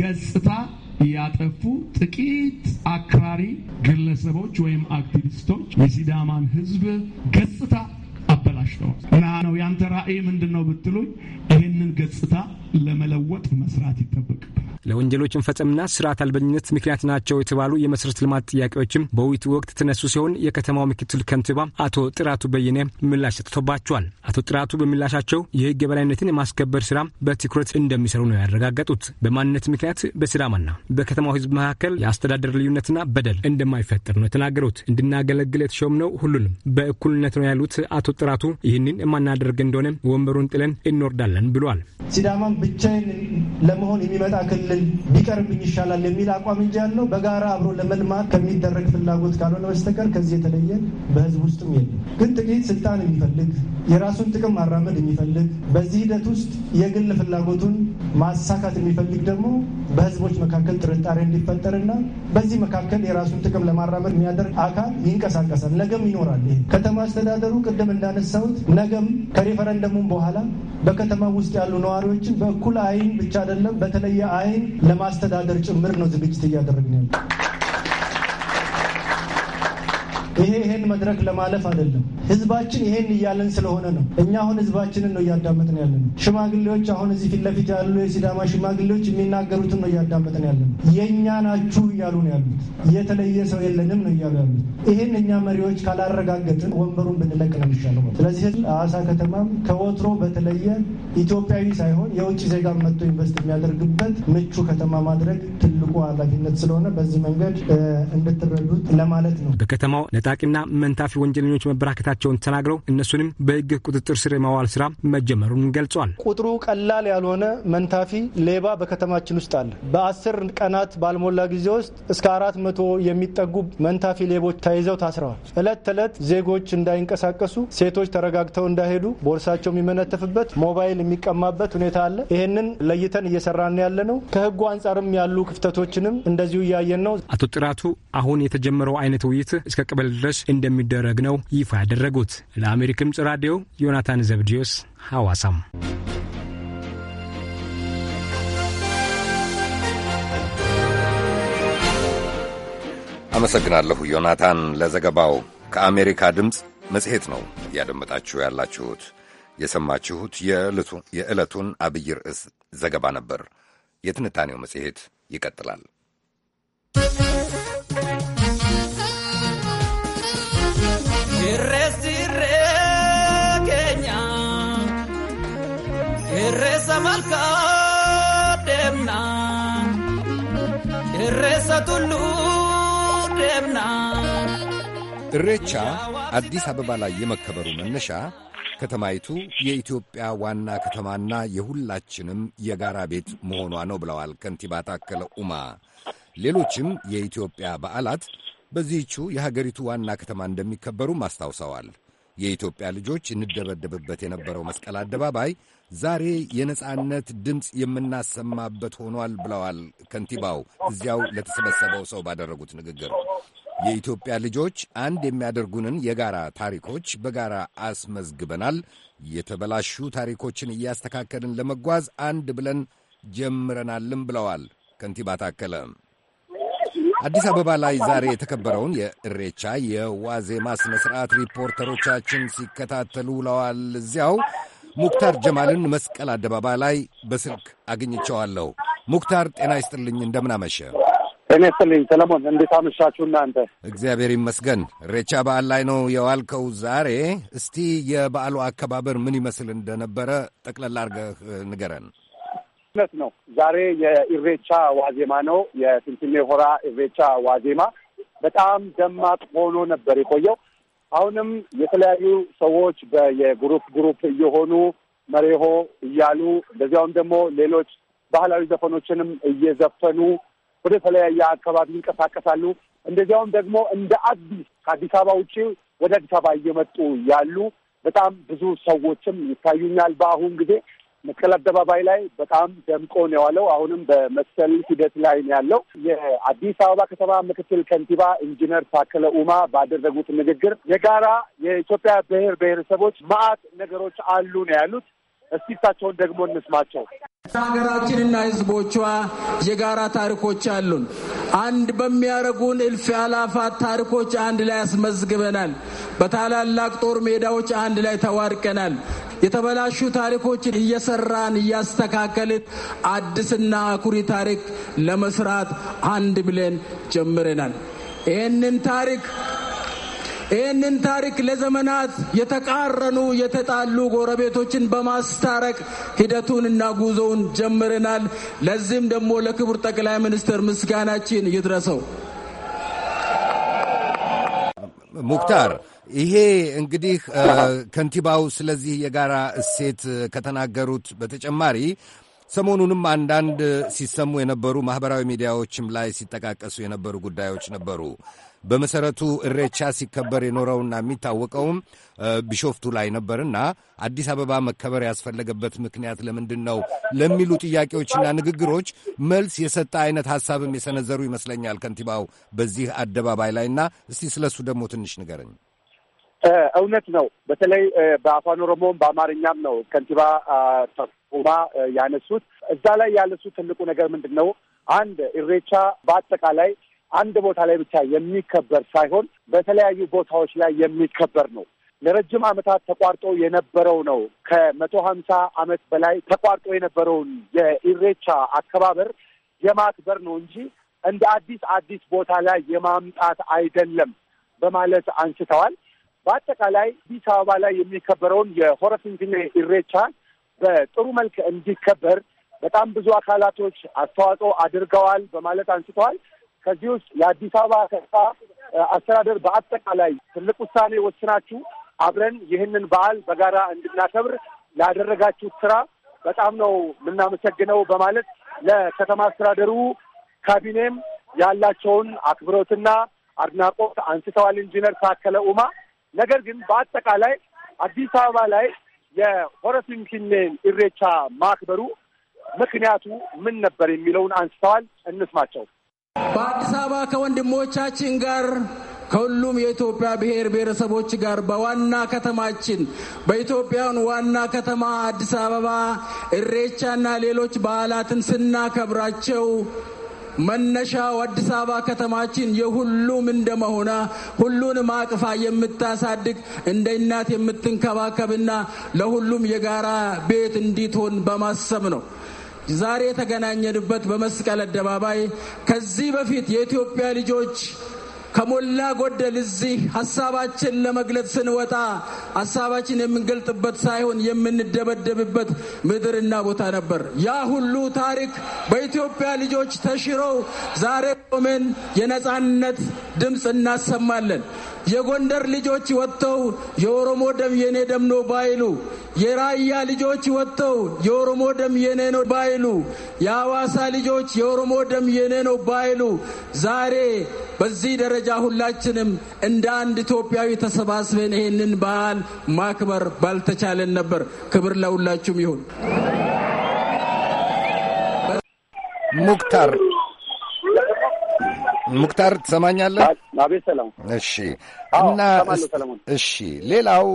ገጽታ ያጠፉ ጥቂት አክራሪ ግለሰቦች ወይም አክቲቪስቶች የሲዳማን ህዝብ ገጽታ አበላሽተዋል እና ነው ያንተ ራዕይ ምንድን ነው ብትሉኝ፣ ይህንን ገጽታ ለመለወጥ መስራት ይጠበቅብን ለወንጀሎችን ፈጸምና ስርዓት አልበኝነት ምክንያት ናቸው የተባሉ የመሰረተ ልማት ጥያቄዎችም በውይይቱ ወቅት ተነሱ ሲሆን የከተማው ምክትል ከንቲባ አቶ ጥራቱ በየነ ምላሽ ሰጥቶባቸዋል። አቶ ጥራቱ በምላሻቸው የህግ የበላይነትን የማስከበር ስራ በትኩረት እንደሚሰሩ ነው ያረጋገጡት። በማንነት ምክንያት በሲዳማና በከተማው ህዝብ መካከል የአስተዳደር ልዩነትና በደል እንደማይፈጠር ነው የተናገሩት። እንድናገለግል የተሾምነው ሁሉንም በእኩልነት ነው ያሉት አቶ ጥራቱ ይህንን የማናደርግ እንደሆነ ወንበሩን ጥለን እንወርዳለን ብሏል። ሲዳማን ብቻዬን ለመሆን የሚመጣ ክልል ክፍል ቢቀርብኝ ይሻላል የሚል አቋም እንጂ ያለው በጋራ አብሮ ለመልማት ከሚደረግ ፍላጎት ካልሆነ በስተቀር ከዚህ የተለየ በህዝብ ውስጥም የለም። ግን ጥቂት ስልጣን የሚፈልግ የራሱን ጥቅም ማራመድ የሚፈልግ በዚህ ሂደት ውስጥ የግል ፍላጎቱን ማሳካት የሚፈልግ ደግሞ በህዝቦች መካከል ጥርጣሬ እንዲፈጠርና በዚህ መካከል የራሱን ጥቅም ለማራመድ የሚያደርግ አካል ይንቀሳቀሳል። ነገም ይኖራል። ይሄ ከተማ አስተዳደሩ ቅድም እንዳነሳሁት ነገም ከሬፈረንደሙም በኋላ በከተማ ውስጥ ያሉ ነዋሪዎችን በእኩል አይን ብቻ አይደለም በተለየ አይን ለማስተዳደር ጭምር ነው ዝግጅት እያደረግን ያለው። ይሄ ይሄን መድረክ ለማለፍ አይደለም። ህዝባችን ይሄን እያለን ስለሆነ ነው። እኛ አሁን ህዝባችንን ነው እያዳመጥን ያለ ነው። ሽማግሌዎች አሁን እዚህ ፊት ለፊት ያሉ የሲዳማ ሽማግሌዎች የሚናገሩትን ነው እያዳመጥን ያለ ነው። የእኛ ናችሁ እያሉ ነው ያሉት። የተለየ ሰው የለንም ነው እያሉ ያሉት። ይሄን እኛ መሪዎች ካላረጋገጥን ወንበሩን ብንለቅ ነው የሚሻለው። ስለዚህ አዋሳ ከተማም ከወትሮ በተለየ ኢትዮጵያዊ ሳይሆን የውጭ ዜጋ መጥቶ ኢንቨስት የሚያደርግበት ምቹ ከተማ ማድረግ ትልቁ ኃላፊነት ስለሆነ በዚህ መንገድ እንድትረዱት ለማለት ነው። በከተማው ታጣቂና መንታፊ ወንጀለኞች መበራከታቸውን ተናግረው እነሱንም በህግ ቁጥጥር ስር የማዋል ስራ መጀመሩን ገልጿል። ቁጥሩ ቀላል ያልሆነ መንታፊ ሌባ በከተማችን ውስጥ አለ። በአስር ቀናት ባልሞላ ጊዜ ውስጥ እስከ አራት መቶ የሚጠጉ መንታፊ ሌቦች ተይዘው ታስረዋል። እለት ተዕለት ዜጎች እንዳይንቀሳቀሱ፣ ሴቶች ተረጋግተው እንዳይሄዱ፣ ቦርሳቸው የሚመነተፍበት ሞባይል የሚቀማበት ሁኔታ አለ። ይህንን ለይተን እየሰራን ያለ ነው። ከህጉ አንጻርም ያሉ ክፍተቶችንም እንደዚሁ እያየን ነው። አቶ ጥራቱ አሁን የተጀመረው አይነት ውይይት እስከ ቀበሌ ድረስ እንደሚደረግ ነው ይፋ ያደረጉት። ለአሜሪካ ድምፅ ራዲዮ ዮናታን ዘብዲዮስ ሐዋሳም አመሰግናለሁ ዮናታን ለዘገባው። ከአሜሪካ ድምፅ መጽሔት ነው እያደመጣችሁ ያላችሁት። የሰማችሁት የዕለቱን አብይ ርዕስ ዘገባ ነበር። የትንታኔው መጽሔት ይቀጥላል። malkaa እሬቻ አዲስ አበባ ላይ የመከበሩ መነሻ ከተማይቱ የኢትዮጵያ ዋና ከተማና የሁላችንም የጋራ ቤት መሆኗ ነው ብለዋል ከንቲባ ታከለ ኡማ። ሌሎችም የኢትዮጵያ በዓላት በዚህቹ የሀገሪቱ ዋና ከተማ እንደሚከበሩም አስታውሰዋል። የኢትዮጵያ ልጆች እንደበደብበት የነበረው መስቀል አደባባይ ዛሬ የነጻነት ድምፅ የምናሰማበት ሆኗል ብለዋል ከንቲባው እዚያው ለተሰበሰበው ሰው ባደረጉት ንግግር። የኢትዮጵያ ልጆች አንድ የሚያደርጉንን የጋራ ታሪኮች በጋራ አስመዝግበናል። የተበላሹ ታሪኮችን እያስተካከልን ለመጓዝ አንድ ብለን ጀምረናልም ብለዋል ከንቲባ ታከለም። አዲስ አበባ ላይ ዛሬ የተከበረውን የእሬቻ የዋዜማ ስነ ስርዓት ሪፖርተሮቻችን ሲከታተሉ ውለዋል። እዚያው ሙክታር ጀማልን መስቀል አደባባይ ላይ በስልክ አግኝቸዋለሁ። ሙክታር ጤና ይስጥልኝ፣ እንደምን አመሸ? ጤና ይስጥልኝ ሰለሞን፣ እንዴት አመሻችሁ እናንተ? እግዚአብሔር ይመስገን። እሬቻ በዓል ላይ ነው የዋልከው ዛሬ። እስቲ የበዓሉ አከባበር ምን ይመስል እንደነበረ ጠቅለል አድርገህ ንገረን። ፍጥነት ነው። ዛሬ የኢሬቻ ዋዜማ ነው። የፊንፊኔ ሆራ ኢሬቻ ዋዜማ በጣም ደማቅ ሆኖ ነበር የቆየው። አሁንም የተለያዩ ሰዎች በየግሩፕ ግሩፕ እየሆኑ መሬሆ እያሉ እንደዚያውም ደግሞ ሌሎች ባህላዊ ዘፈኖችንም እየዘፈኑ ወደ ተለያየ አካባቢ ይንቀሳቀሳሉ። እንደዚያውም ደግሞ እንደ አዲስ ከአዲስ አበባ ውጪ ወደ አዲስ አበባ እየመጡ ያሉ በጣም ብዙ ሰዎችም ይታዩኛል በአሁን ጊዜ መስቀል አደባባይ ላይ በጣም ደምቆ ነው የዋለው። አሁንም በመሰል ሂደት ላይ ነው ያለው። የአዲስ አበባ ከተማ ምክትል ከንቲባ ኢንጂነር ታከለ ኡማ ባደረጉት ንግግር የጋራ የኢትዮጵያ ብሔር ብሔረሰቦች ማአት ነገሮች አሉ ነው ያሉት። እስቲ እሳቸውን ደግሞ እንስማቸው። ሀገራችንና ህዝቦቿ የጋራ ታሪኮች አሉን። አንድ በሚያደርጉን እልፍ አላፋት ታሪኮች አንድ ላይ ያስመዝግበናል። በታላላቅ ጦር ሜዳዎች አንድ ላይ ተዋድቀናል። የተበላሹ ታሪኮችን እየሰራን እያስተካከልን አዲስና አኩሪ ታሪክ ለመስራት አንድ ብለን ጀምረናል። ይህንን ታሪክ ይህንን ታሪክ ለዘመናት የተቃረኑ የተጣሉ ጎረቤቶችን በማስታረቅ ሂደቱን እና ጉዞውን ጀምረናል። ለዚህም ደግሞ ለክቡር ጠቅላይ ሚኒስትር ምስጋናችን ይድረሰው። ሙክታር ይሄ እንግዲህ ከንቲባው ስለዚህ የጋራ እሴት ከተናገሩት በተጨማሪ ሰሞኑንም አንዳንድ ሲሰሙ የነበሩ ማህበራዊ ሚዲያዎችም ላይ ሲጠቃቀሱ የነበሩ ጉዳዮች ነበሩ። በመሰረቱ እሬቻ ሲከበር የኖረውና የሚታወቀውም ቢሾፍቱ ላይ ነበርና አዲስ አበባ መከበር ያስፈለገበት ምክንያት ለምንድን ነው ለሚሉ ጥያቄዎችና ንግግሮች መልስ የሰጠ አይነት ሀሳብም የሰነዘሩ ይመስለኛል ከንቲባው በዚህ አደባባይ ላይና እስቲ ስለሱ ደግሞ ትንሽ ንገረኝ። እውነት ነው። በተለይ በአፋን ኦሮሞም በአማርኛም ነው ከንቲባ ተቁማ ያነሱት። እዛ ላይ ያነሱት ትልቁ ነገር ምንድን ነው? አንድ እሬቻ በአጠቃላይ አንድ ቦታ ላይ ብቻ የሚከበር ሳይሆን በተለያዩ ቦታዎች ላይ የሚከበር ነው። ለረጅም ዓመታት ተቋርጦ የነበረው ነው። ከመቶ ሀምሳ ዓመት በላይ ተቋርጦ የነበረውን የኢሬቻ አከባበር የማክበር ነው እንጂ እንደ አዲስ አዲስ ቦታ ላይ የማምጣት አይደለም በማለት አንስተዋል። በአጠቃላይ አዲስ አበባ ላይ የሚከበረውን የሆረ ፊንፊኔ ኢሬቻ በጥሩ መልክ እንዲከበር በጣም ብዙ አካላቶች አስተዋጽኦ አድርገዋል በማለት አንስተዋል። ከዚህ ውስጥ የአዲስ አበባ ከተማ አስተዳደር በአጠቃላይ ትልቅ ውሳኔ ወስናችሁ አብረን ይህንን በዓል በጋራ እንድናከብር ላደረጋችሁት ስራ በጣም ነው የምናመሰግነው በማለት ለከተማ አስተዳደሩ ካቢኔም ያላቸውን አክብሮትና አድናቆት አንስተዋል ኢንጂነር ታከለ ኡማ። ነገር ግን በአጠቃላይ አዲስ አበባ ላይ የሆረ ፊንፊኔን ኢሬቻ ማክበሩ ምክንያቱ ምን ነበር የሚለውን አንስተዋል። እንስማቸው። በአዲስ አበባ ከወንድሞቻችን ጋር ከሁሉም የኢትዮጵያ ብሔር ብሔረሰቦች ጋር በዋና ከተማችን በኢትዮጵያን ዋና ከተማ አዲስ አበባ እሬቻና ሌሎች በዓላትን ስናከብራቸው መነሻው አዲስ አበባ ከተማችን የሁሉም እንደመሆኗ ሁሉንም አቅፋ የምታሳድግ እንደ እናት የምትንከባከብና ለሁሉም የጋራ ቤት እንዲትሆን በማሰብ ነው። ዛሬ የተገናኘንበት በመስቀል አደባባይ ከዚህ በፊት የኢትዮጵያ ልጆች ከሞላ ጎደል እዚህ ሀሳባችን ለመግለጽ ስንወጣ ሀሳባችን የምንገልጥበት ሳይሆን የምንደበደብበት ምድርና ቦታ ነበር። ያ ሁሉ ታሪክ በኢትዮጵያ ልጆች ተሽሮ ዛሬ ቆመን የነጻነት ድምፅ እናሰማለን። የጎንደር ልጆች ወጥተው የኦሮሞ ደም የኔ ደም ነው ባይሉ፣ የራያ ልጆች ወጥተው የኦሮሞ ደም የኔ ነው ባይሉ፣ የአዋሳ ልጆች የኦሮሞ ደም የኔ ነው ባይሉ፣ ዛሬ በዚህ ደረጃ ሁላችንም እንደ አንድ ኢትዮጵያዊ ተሰባስበን ይሄንን በዓል ማክበር ባልተቻለን ነበር። ክብር ለሁላችሁም ይሁን። ሙክታር ሙክታር ትሰማኛለህ? አቤት ሰላም። እሺ እና እሺ፣ ሌላው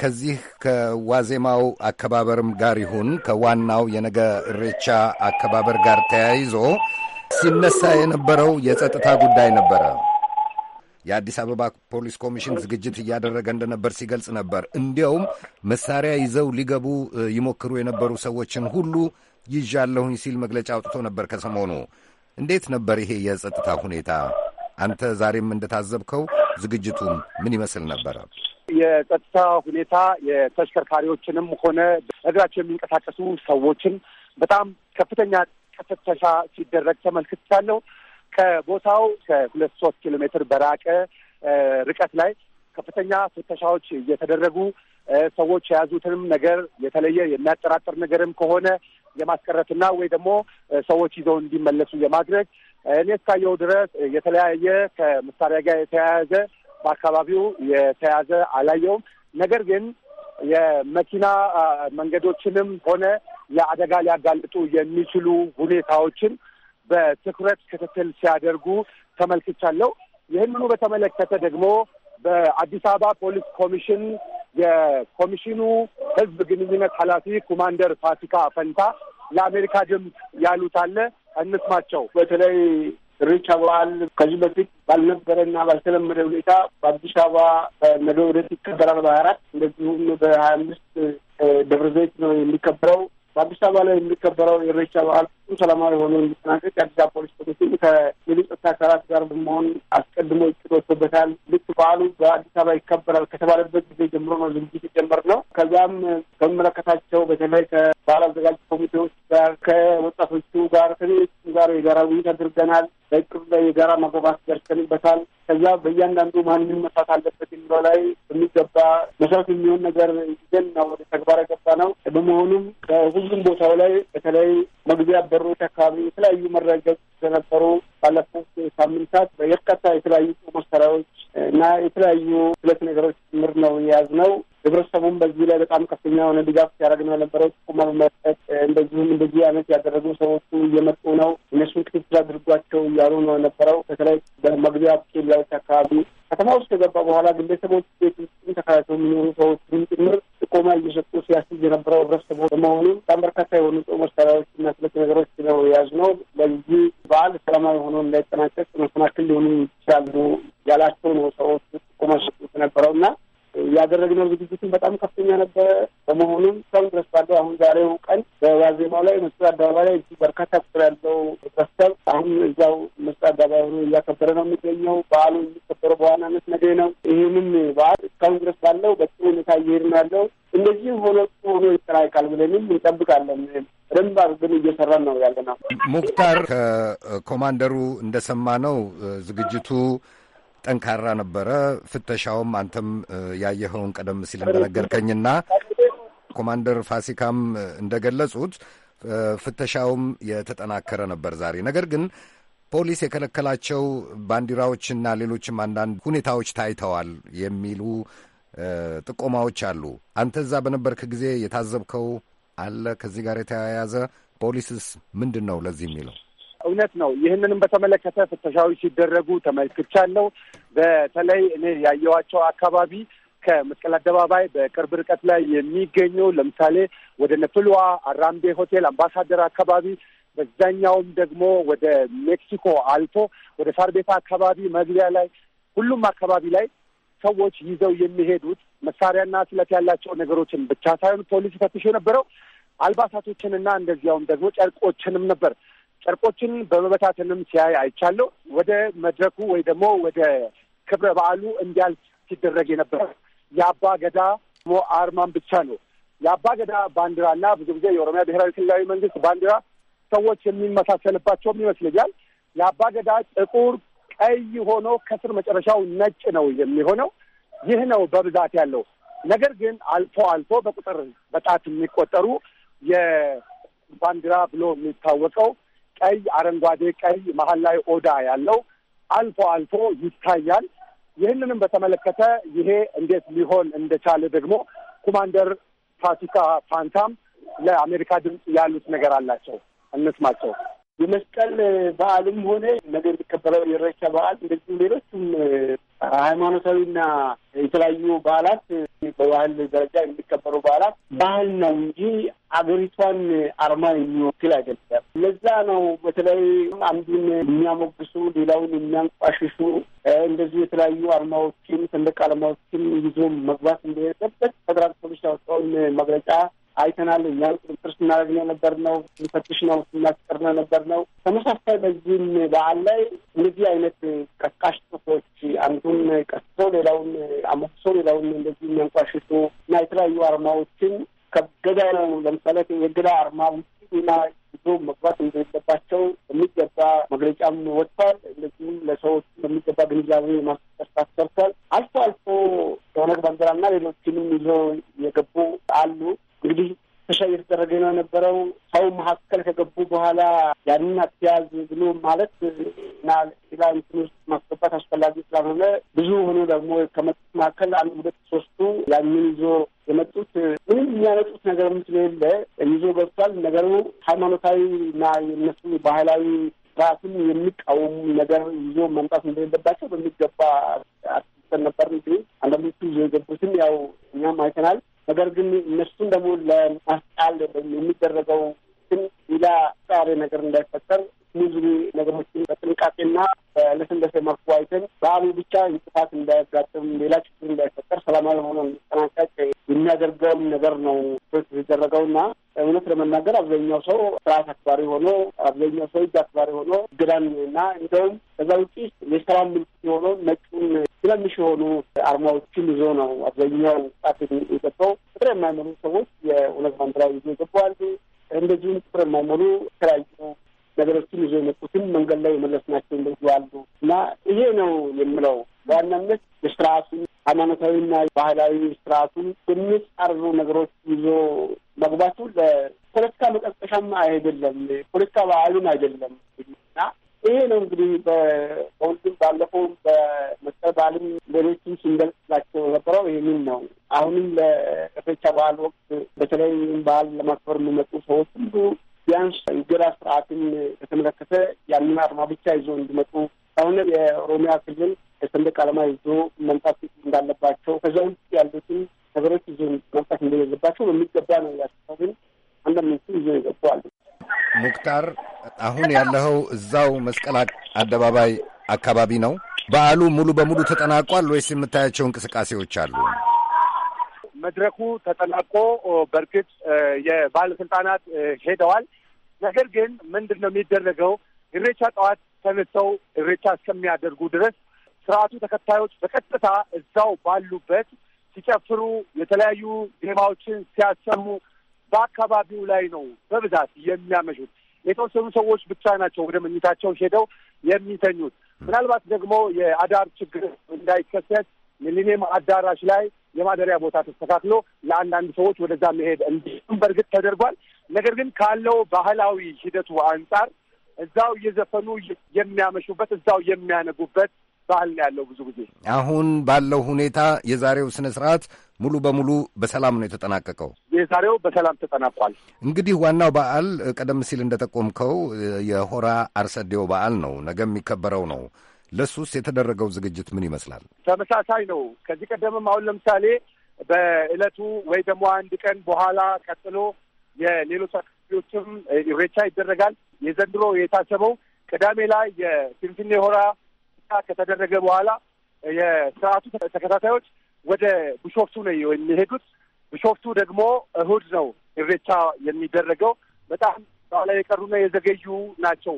ከዚህ ከዋዜማው አከባበርም ጋር ይሁን ከዋናው የነገ እሬቻ አከባበር ጋር ተያይዞ ሲነሳ የነበረው የጸጥታ ጉዳይ ነበረ። የአዲስ አበባ ፖሊስ ኮሚሽን ዝግጅት እያደረገ እንደነበር ሲገልጽ ነበር። እንዲያውም መሳሪያ ይዘው ሊገቡ ይሞክሩ የነበሩ ሰዎችን ሁሉ ይዣለሁኝ ሲል መግለጫ አውጥቶ ነበር ከሰሞኑ እንዴት ነበር ይሄ የጸጥታ ሁኔታ? አንተ ዛሬም እንደታዘብከው ዝግጅቱም ምን ይመስል ነበረ? የጸጥታ ሁኔታ የተሽከርካሪዎችንም ሆነ እግራቸው የሚንቀሳቀሱ ሰዎችን በጣም ከፍተኛ ፍተሻ ሲደረግ ተመልክቻለሁ። ከቦታው ከሁለት ሶስት ኪሎ ሜትር በራቀ ርቀት ላይ ከፍተኛ ፍተሻዎች እየተደረጉ ሰዎች የያዙትንም ነገር የተለየ የሚያጠራጥር ነገርም ከሆነ የማስቀረትና ወይ ደግሞ ሰዎች ይዘው እንዲመለሱ የማድረግ እኔ እስካየው ድረስ የተለያየ ከመሳሪያ ጋር የተያያዘ በአካባቢው የተያዘ አላየውም። ነገር ግን የመኪና መንገዶችንም ሆነ ለአደጋ ሊያጋልጡ የሚችሉ ሁኔታዎችን በትኩረት ክትትል ሲያደርጉ ተመልክቻለሁ። ይህንኑ በተመለከተ ደግሞ በአዲስ አበባ ፖሊስ ኮሚሽን የኮሚሽኑ ህዝብ ግንኙነት ኃላፊ ኮማንደር ፋሲካ ፈንታ ለአሜሪካ ድምፅ ያሉት አለ። እንስማቸው። በተለይ ሪቻ በዓል ከዚህ በፊት ባልነበረና ባልተለመደ ሁኔታ በአዲስ አበባ ነገ ወደት ይከበራል። በሀያ አራት እንደዚሁም በሀያ አምስት ደብረ ዘይት ነው የሚከበረው። በአዲስ አበባ ላይ የሚከበረው የኢሬቻ በዓል ፍጹም ሰላማዊ ሆኖ እንዲጠናቀቅ የአዲስ አበባ ፖሊስ ኮሚሽን ከሌሎች ጸጥታ አካላት ጋር በመሆን አስቀድሞ እቅድ ወጥቶበታል። ልክ በዓሉ በአዲስ አበባ ይከበራል ከተባለበት ጊዜ ጀምሮ ነው ዝግጅት ነው። ከዚያም ከሚመለከታቸው በተለይ ከባህል አዘጋጅ ኮሚቴዎች ጋር ከወጣቶቹ ጋር ከሌሎችም ጋር የጋራ ውይይት አድርገናል። በእቅዱ ላይ የጋራ መግባባት ደርሰንበታል። ከዛ በእያንዳንዱ ማን ምን መስራት አለበት የሚለው ላይ በሚገባ መሰረት የሚሆን ነገር ይዘን ነው ወደ ተግባር የገባ ነው። በመሆኑም በሁሉም ቦታው ላይ በተለይ መግቢያ በሮች አካባቢ የተለያዩ መረጋገጥ ስለነበሩ ባለፉት ሳምንታት በየርካታ የተለያዩ መሳሪያዎች እና የተለያዩ ሁለት ነገሮች ምር ነው የያዝ ነው። ህብረተሰቡም በዚህ ላይ በጣም ከፍተኛ የሆነ ድጋፍ ሲያደርግ ነው የነበረው። ጥቁማ በመስጠት እንደዚሁም እንደዚህ አይነት ያደረጉ ሰዎቹ እየመጡ ነው እነሱን ክትትል አድርጓቸው እያሉ ነው የነበረው። በተለይ በመግቢያ ኬላዎች አካባቢ ከተማ ውስጥ ከገባ በኋላ ግለሰቦች ቤት ውስጥም ተከራይተው የሚኖሩ ሰዎች ጭምር ጥቆማ እየሰጡ ሲያስይዝ የነበረው ህብረተሰቡ በመሆኑ በጣም በርካታ የሆኑ ጦር መሳሪያዎች እና ስለት ነገሮች ነው የያዙ ነው። በዚህ በዓል ሰላማዊ ሆኖ እንዳይጠናቀቅ መሰናክል ሊሆኑ ይችላሉ ያላቸው ነው ሰዎች ጥቆማ ሰጡት የነበረው እና ያደረግነው ዝግጅትም በጣም ከፍተኛ ነበረ። በመሆኑም ሰው ድረስ ባለው አሁን ዛሬው ቀን በዋዜማው ላይ መስቀል አደባባይ ላይ እጅግ በርካታ ቁጥር ያለው ህብረተሰብ አሁን እዛው መስቀል አደባባይ ሆኖ እያከበረ ነው የሚገኘው። በዓሉ የሚከበረው በዋናነት ነገ ነው። ይህንን በዓል እስካሁን ድረስ ባለው በጥሩ ሁኔታ እየሄድ ነው ያለው እንደዚህ ሆኖ ሆኖ ይጠናቀቃል ብለንም እንጠብቃለን። በደንብ አድርገን እየሰራን ነው ያለነው። ሙክታር ከኮማንደሩ እንደሰማ ነው ዝግጅቱ ጠንካራ ነበረ። ፍተሻውም አንተም ያየኸውን ቀደም ሲል እንደነገርከኝና ኮማንደር ፋሲካም እንደገለጹት ፍተሻውም የተጠናከረ ነበር ዛሬ። ነገር ግን ፖሊስ የከለከላቸው ባንዲራዎችና ሌሎችም አንዳንድ ሁኔታዎች ታይተዋል የሚሉ ጥቆማዎች አሉ። አንተ እዛ በነበርክ ጊዜ የታዘብከው አለ ከዚህ ጋር የተያያዘ ፖሊስስ ምንድን ነው ለዚህ የሚለው? እውነት ነው። ይህንንም በተመለከተ ፍተሻዎች ሲደረጉ ተመልክቻለሁ። በተለይ እኔ ያየኋቸው አካባቢ ከመስቀል አደባባይ በቅርብ ርቀት ላይ የሚገኙ ለምሳሌ ወደ ነፍልዋ አራምቤ ሆቴል፣ አምባሳደር አካባቢ በዛኛውም ደግሞ ወደ ሜክሲኮ አልፎ ወደ ሳር ቤታ አካባቢ መግቢያ ላይ ሁሉም አካባቢ ላይ ሰዎች ይዘው የሚሄዱት መሳሪያና ስለት ያላቸው ነገሮችን ብቻ ሳይሆን ፖሊስ ፈትሾ የነበረው አልባሳቶችንና እንደዚያውም ደግሞ ጨርቆችንም ነበር። ጨርቆችን በመበታተንም ሲያይ አይቻለሁ። ወደ መድረኩ ወይ ደግሞ ወደ ክብረ በዓሉ እንዲያልፍ ሲደረግ የነበረ የአባ ገዳ አርማን ብቻ ነው። የአባ ገዳ ባንዲራና ብዙ ጊዜ የኦሮሚያ ብሔራዊ ክልላዊ መንግስት ባንዲራ ሰዎች የሚመሳሰልባቸውም ይመስለኛል። የአባ ገዳ ጥቁር ቀይ ሆኖ ከስር መጨረሻው ነጭ ነው የሚሆነው። ይህ ነው በብዛት ያለው ነገር ግን አልፎ አልፎ በቁጥር በጣት የሚቆጠሩ የባንዲራ ብሎ የሚታወቀው ቀይ፣ አረንጓዴ፣ ቀይ መሀል ላይ ኦዳ ያለው አልፎ አልፎ ይታያል። ይህንንም በተመለከተ ይሄ እንዴት ሊሆን እንደቻለ ደግሞ ኮማንደር ፋሲካ ፋንታም ለአሜሪካ ድምፅ ያሉት ነገር አላቸው። እንስማቸው። የመስቀል በዓልም ሆነ ነገ የሚከበረው የኢሬቻ በዓል እንደዚሁ ሌሎችም ሃይማኖታዊና የተለያዩ በዓላት በባህል ደረጃ የሚከበሩ በዓላት ባህል ነው እንጂ አገሪቷን አርማ የሚወክል አይደለም። ለዛ ነው በተለይ አንዱን የሚያሞግሱ ሌላውን የሚያንቋሽሹ እንደዚሁ የተለያዩ አርማዎችን ሰንደቅ ዓላማዎችን ይዞ መግባት እንደሌለበት ፌደራል ፖሊስ ያወጣውን መግለጫ አይተናል። እኛ ቁጥጥር ስናደርግ ነው የነበር ነው ስንፈትሽ ነው ስናስቀር ነው የነበር ነው። ተመሳሳይ በዚህም በዓል ላይ እነዚህ አይነት ቀስቃሽ ጽሁፎች አንዱን ቀስሰው ሌላውን አሞክሰው ሌላውን እንደዚህ የሚያንቋሽቱ እና የተለያዩ አርማዎችን ከገዳ ነው ለምሳሌ የገዳ አርማ ውጭና ይዞ መግባት እንደሚገባቸው በሚገባ መግለጫም ወጥቷል። እንደዚሁም ለሰዎች በሚገባ ግንዛቤ ማስጠር ሰርቷል። አልፎ አልፎ የኦነግ ባንዲራና ሌሎችንም ይዞ የገቡ አሉ። እንግዲህ ፍተሻ እየተደረገ ነው የነበረው። ሰው መካከል ከገቡ በኋላ ያንን አትያዝ ብሎ ማለት እና ሌላ እንትን ውስጥ ማስገባት አስፈላጊ ስላልሆነ ብዙ ሆኖ ደግሞ ከመጡት መካከል አንድ ሁለት ሶስቱ ያንን ይዞ የመጡት ምንም የሚያመጡት ነገር ምስል የለ ይዞ ገብቷል። ነገሩ ሃይማኖታዊ እና የነሱ ባህላዊ ስርዓቱን የሚቃወሙ ነገር ይዞ መምጣት እንደሌለባቸው በሚገባ አስሰን ነበር እንግዲህ አንዳንዶቹ ይዞ የገቡትም ያው እኛም አይተናል። ነገር ግን እነሱን ደግሞ ለማስጣል የሚደረገው ግን ሌላ ጻሬ ነገር እንዳይፈጠር ብዙ ነገሮችን በጥንቃቄና በለስለሴ መልኩ አይተን በዓሉ ብቻ እንቅፋት እንዳያጋጥም፣ ሌላ ችግር እንዳይፈጠር፣ ሰላማዊ ሆኖ እንዲጠናቀቅ የሚያደርገውን ነገር ነው ፕሮጀክት የተደረገውና እውነት ለመናገር አብዛኛው ሰው ስርዓት አክባሪ ሆኖ አብዛኛው ሰው እጅ አክባሪ ሆኖ ግዳን እና እንደውም ከዛ ውጭ የሰላም ምልክት የሆነው ነጩን ትናንሽ የሆኑ አርማዎችን ይዞ ነው አብዛኛው ጣት የገባው። ቁጥር የማይሞሉ ሰዎች የእውነት ባንዲራ ይዞ ይገባዋል። እንደዚሁም ቁጥር የማይሞሉ የተለያዩ ነገሮችን ይዞ የመጡትን መንገድ ላይ የመለስ ናቸው እንደዚሁ አሉ እና ይሄ ነው የምለው በዋናነት የስርዓቱን ሃይማኖታዊና ባህላዊ ስርዓቱን የሚጻረሩ ነገሮች ይዞ መግባቱ ለፖለቲካ መቀስቀሻም አይደለም፣ ፖለቲካ ባህሉም አይደለም። ይሄ ነው እንግዲህ በወንድም ባለፈው በመስቀል በዓልም ሌሎችም ስንገልጽላቸው የነበረው ይህንን ነው። አሁንም ለኢሬቻ በዓል ወቅት በተለይም በዓል ለማክበር የሚመጡ ሰዎች ሁሉ ቢያንስ እንገዳ ስርዓትን በተመለከተ ያንን አርማ ብቻ ይዞ እንዲመጡ አሁን የኦሮሚያ ክልል የሰንደቅ ዓላማ ይዞ መምጣት እንዳለባቸው ከዛ ውጭ ያሉትን ነገሮች ይዞ መምጣት እንደሌለባቸው በሚገባ ነው ያስባ ግን አንዳንዶቹ ይዞ ይገባዋል። ሙክታር አሁን ያለኸው እዛው መስቀል አደባባይ አካባቢ ነው። በዓሉ ሙሉ በሙሉ ተጠናቋል ወይስ የምታያቸው እንቅስቃሴዎች አሉ? መድረኩ ተጠናቆ በእርግጥ የባለስልጣናት ሄደዋል። ነገር ግን ምንድን ነው የሚደረገው? እሬቻ ጠዋት ተነስተው እሬቻ እስከሚያደርጉ ድረስ ስርዓቱ ተከታዮች በቀጥታ እዛው ባሉበት ሲጨፍሩ፣ የተለያዩ ዜማዎችን ሲያሰሙ በአካባቢው ላይ ነው በብዛት የሚያመሹት። የተወሰኑ ሰዎች ብቻ ናቸው ወደ መኝታቸው ሄደው የሚተኙት። ምናልባት ደግሞ የአዳር ችግር እንዳይከሰት ሚሊኒየም አዳራሽ ላይ የማደሪያ ቦታ ተስተካክሎ ለአንዳንድ ሰዎች ወደዛ መሄድ እንዲሁም በእርግጥ ተደርጓል። ነገር ግን ካለው ባህላዊ ሂደቱ አንጻር እዛው እየዘፈኑ የሚያመሹበት እዛው የሚያነጉበት ባህል ያለው። ብዙ ጊዜ አሁን ባለው ሁኔታ የዛሬው ስነ ስርዓት ሙሉ በሙሉ በሰላም ነው የተጠናቀቀው። የዛሬው በሰላም ተጠናቋል። እንግዲህ ዋናው በዓል ቀደም ሲል እንደጠቆምከው የሆራ አርሰዴው በዓል ነው፣ ነገ የሚከበረው ነው። ለሱስ የተደረገው ዝግጅት ምን ይመስላል? ተመሳሳይ ነው። ከዚህ ቀደምም አሁን ለምሳሌ በእለቱ ወይ ደግሞ አንድ ቀን በኋላ ቀጥሎ የሌሎች አካባቢዎችም ኢሬቻ ይደረጋል። የዘንድሮ የታሰበው ቅዳሜ ላይ የፊንፊኔ ሆራ ከተደረገ በኋላ የስርዓቱ ተከታታዮች ወደ ቢሾፍቱ ነው የሚሄዱት። ቢሾፍቱ ደግሞ እሁድ ነው እሬቻ የሚደረገው። በጣም ላይ የቀሩና የዘገዩ ናቸው።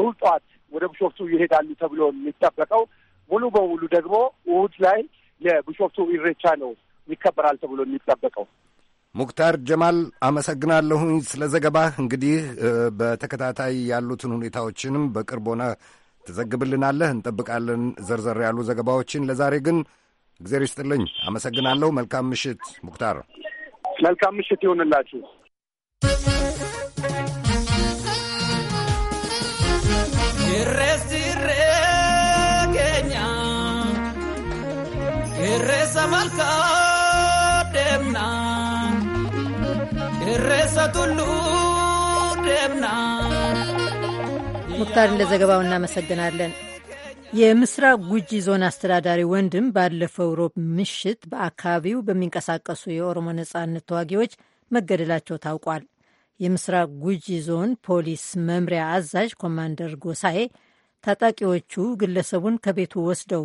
እሁድ ጠዋት ወደ ቢሾፍቱ ይሄዳሉ ተብሎ የሚጠበቀው ሙሉ በሙሉ ደግሞ እሁድ ላይ የቢሾፍቱ እሬቻ ነው ይከበራል ተብሎ የሚጠበቀው። ሙክታር ጀማል አመሰግናለሁኝ ስለ ዘገባህ። እንግዲህ በተከታታይ ያሉትን ሁኔታዎችንም በቅርብ ሆነህ ትዘግብልናለህ፣ እንጠብቃለን ዘርዘር ያሉ ዘገባዎችን። ለዛሬ ግን እግዜር ይስጥልኝ። አመሰግናለሁ። መልካም ምሽት ሙክታር። መልካም ምሽት ይሁንላችሁ። ሙክታር፣ እንደ ዘገባው እናመሰግናለን። የምስራቅ ጉጂ ዞን አስተዳዳሪ ወንድም ባለፈው ሮብ ምሽት በአካባቢው በሚንቀሳቀሱ የኦሮሞ ነጻነት ተዋጊዎች መገደላቸው ታውቋል። የምስራቅ ጉጂ ዞን ፖሊስ መምሪያ አዛዥ ኮማንደር ጎሳኤ ታጣቂዎቹ ግለሰቡን ከቤቱ ወስደው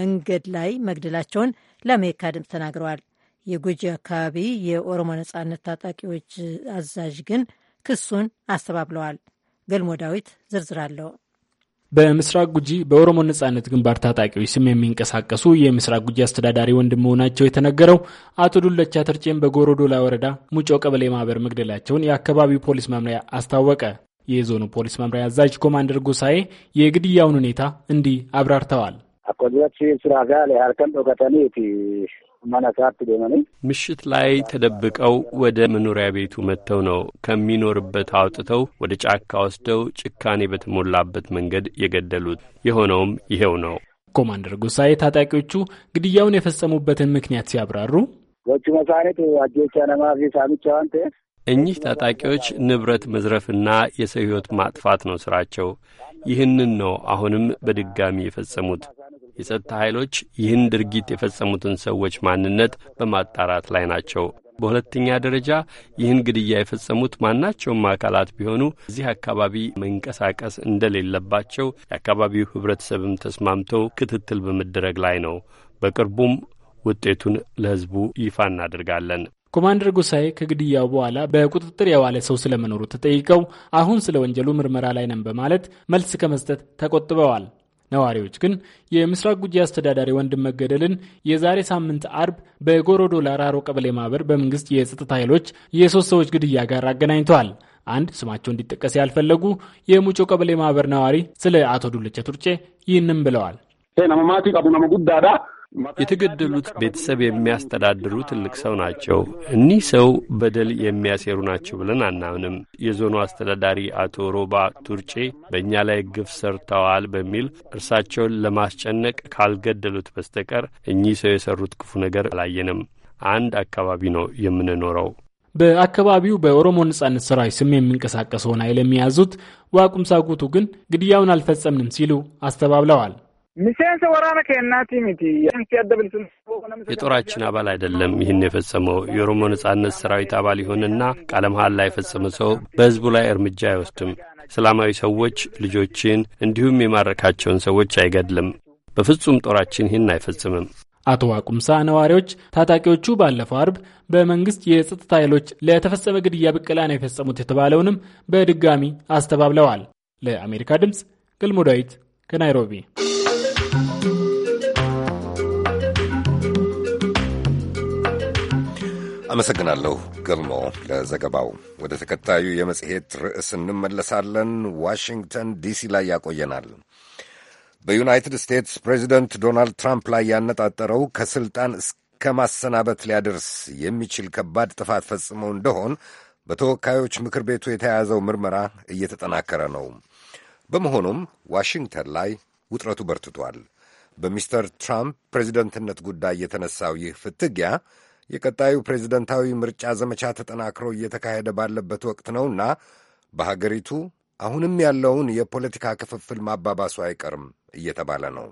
መንገድ ላይ መግደላቸውን ለአሜሪካ ድምፅ ተናግረዋል። የጉጂ አካባቢ የኦሮሞ ነጻነት ታጣቂዎች አዛዥ ግን ክሱን አስተባብለዋል። ገልሞ ዳዊት ዝርዝር አለው። በምስራቅ ጉጂ በኦሮሞ ነጻነት ግንባር ታጣቂዎች ስም የሚንቀሳቀሱ የምስራቅ ጉጂ አስተዳዳሪ ወንድም መሆናቸው የተነገረው አቶ ዱለቻ ተርጬን በጎሮዶላ ወረዳ ሙጮ ቀበሌ ማህበር መግደላቸውን የአካባቢው ፖሊስ መምሪያ አስታወቀ። የዞኑ ፖሊስ መምሪያ አዛዥ ኮማንደር ጎሳኤ የግድያውን ሁኔታ እንዲህ አብራርተዋል። ምሽት ላይ ተደብቀው ወደ መኖሪያ ቤቱ መጥተው ነው ከሚኖርበት አውጥተው ወደ ጫካ ወስደው ጭካኔ በተሞላበት መንገድ የገደሉት። የሆነውም ይሄው ነው። ኮማንደር ጉሳኤ ታጣቂዎቹ ግድያውን የፈጸሙበትን ምክንያት ሲያብራሩ እኚህ ታጣቂዎች ንብረት መዝረፍና የሰው ሕይወት ማጥፋት ነው ስራቸው። ይህንን ነው አሁንም በድጋሚ የፈጸሙት። የጸጥታ ኃይሎች ይህን ድርጊት የፈጸሙትን ሰዎች ማንነት በማጣራት ላይ ናቸው። በሁለተኛ ደረጃ ይህን ግድያ የፈጸሙት ማናቸውም አካላት ቢሆኑ እዚህ አካባቢ መንቀሳቀስ እንደሌለባቸው የአካባቢው ሕብረተሰብም ተስማምተው ክትትል በመደረግ ላይ ነው። በቅርቡም ውጤቱን ለሕዝቡ ይፋ እናደርጋለን። ኮማንደር ጉሳኤ ከግድያው በኋላ በቁጥጥር የዋለ ሰው ስለመኖሩ ተጠይቀው አሁን ስለ ወንጀሉ ምርመራ ላይ ነን በማለት መልስ ከመስጠት ተቆጥበዋል። ነዋሪዎች ግን የምስራቅ ጉጂ አስተዳዳሪ ወንድም መገደልን የዛሬ ሳምንት አርብ በጎሮዶ ላራሮ ቀበሌ ማህበር በመንግስት የጸጥታ ኃይሎች የሶስት ሰዎች ግድያ ጋር አገናኝተዋል። አንድ ስማቸው እንዲጠቀስ ያልፈለጉ የሙጮ ቀበሌ ማህበር ነዋሪ ስለ አቶ ዱልቼ ቱርጬ ይህንም ብለዋል። ናማማቲ ቀቡ ነመ ጉዳዳ የተገደሉት ቤተሰብ የሚያስተዳድሩ ትልቅ ሰው ናቸው። እኒህ ሰው በደል የሚያሴሩ ናቸው ብለን አናምንም። የዞኑ አስተዳዳሪ አቶ ሮባ ቱርጬ በእኛ ላይ ግፍ ሰርተዋል በሚል እርሳቸውን ለማስጨነቅ ካልገደሉት በስተቀር እኚህ ሰው የሰሩት ክፉ ነገር አላየንም። አንድ አካባቢ ነው የምንኖረው። በአካባቢው በኦሮሞ ነጻነት ሰራዊት ስም የሚንቀሳቀሰውን ኃይል የሚያዙት ዋቁም ሳጉቱ ግን ግድያውን አልፈጸምንም ሲሉ አስተባብለዋል። ሚሴንስ ወራነ ከናቲ ሚቲ የጦራችን አባል አይደለም። ይህን የፈጸመው የኦሮሞ ነጻነት ሰራዊት አባል ይሆንና ቃለ ላይ የፈጸመ ሰው በህዝቡ ላይ እርምጃ አይወስድም። ሰላማዊ ሰዎች ልጆችን፣ እንዲሁም የማረካቸውን ሰዎች አይገድልም። በፍጹም ጦራችን ይህን አይፈጽምም። አቶ አቁምሳ ነዋሪዎች ታጣቂዎቹ ባለፈው አርብ በመንግስት የጸጥታ ኃይሎች ለተፈጸመ ግድያ ብቀላ ነው የፈጸሙት የተባለውንም በድጋሚ አስተባብለዋል። ለአሜሪካ ድምፅ ገልሞ ዳዊት ከናይሮቢ አመሰግናለሁ ገልሞ ለዘገባው። ወደ ተከታዩ የመጽሔት ርዕስ እንመለሳለን። ዋሽንግተን ዲሲ ላይ ያቆየናል። በዩናይትድ ስቴትስ ፕሬዚደንት ዶናልድ ትራምፕ ላይ ያነጣጠረው ከሥልጣን እስከ ማሰናበት ሊያደርስ የሚችል ከባድ ጥፋት ፈጽመው እንደሆን በተወካዮች ምክር ቤቱ የተያያዘው ምርመራ እየተጠናከረ ነው። በመሆኑም ዋሽንግተን ላይ ውጥረቱ በርትቷል። በሚስተር ትራምፕ ፕሬዚደንትነት ጉዳይ የተነሳው ይህ ፍትጊያ የቀጣዩ ፕሬዝደንታዊ ምርጫ ዘመቻ ተጠናክሮ እየተካሄደ ባለበት ወቅት ነውና በሀገሪቱ አሁንም ያለውን የፖለቲካ ክፍፍል ማባባሱ አይቀርም እየተባለ ነው።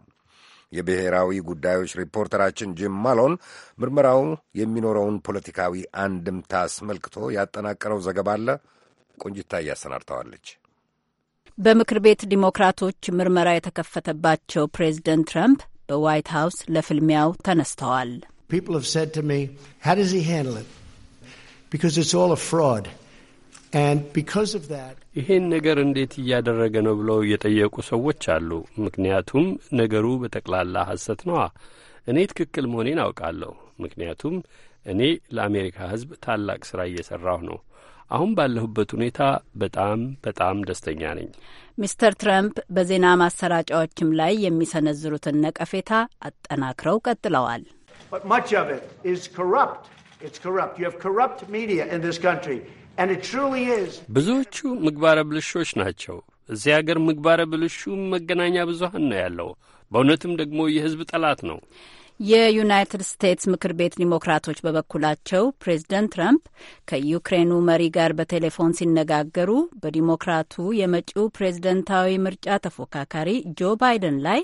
የብሔራዊ ጉዳዮች ሪፖርተራችን ጂም ማሎን ምርመራው የሚኖረውን ፖለቲካዊ አንድምታ አስመልክቶ ያጠናቀረው ዘገባ አለ። ቆንጅታ እያሰናድተዋለች። በምክር ቤት ዲሞክራቶች ምርመራ የተከፈተባቸው ፕሬዝደንት ትራምፕ በዋይት ሀውስ ለፍልሚያው ተነስተዋል። People have said to me, How does he handle it? Because it's all a fraud. ይህን ነገር እንዴት እያደረገ ነው ብለው የጠየቁ ሰዎች አሉ። ምክንያቱም ነገሩ በጠቅላላ ሐሰት ነዋ። እኔ ትክክል መሆኔን አውቃለሁ። ምክንያቱም እኔ ለአሜሪካ ሕዝብ ታላቅ ስራ እየሰራሁ ነው። አሁን ባለሁበት ሁኔታ በጣም በጣም ደስተኛ ነኝ። ሚስተር ትራምፕ በዜና ማሰራጫዎችም ላይ የሚሰነዝሩትን ነቀፌታ አጠናክረው ቀጥለዋል። but much of it is corrupt. It's corrupt. You have corrupt media in this country, and it truly is. ብዙዎቹ ምግባረ ብልሾች ናቸው። እዚህ አገር ምግባረ ብልሹ መገናኛ ብዙኃን ነው ያለው። በእውነትም ደግሞ የሕዝብ ጠላት ነው። የዩናይትድ ስቴትስ ምክር ቤት ዲሞክራቶች በበኩላቸው ፕሬዝደንት ትራምፕ ከዩክሬኑ መሪ ጋር በቴሌፎን ሲነጋገሩ በዲሞክራቱ የመጪው ፕሬዝደንታዊ ምርጫ ተፎካካሪ ጆ ባይደን ላይ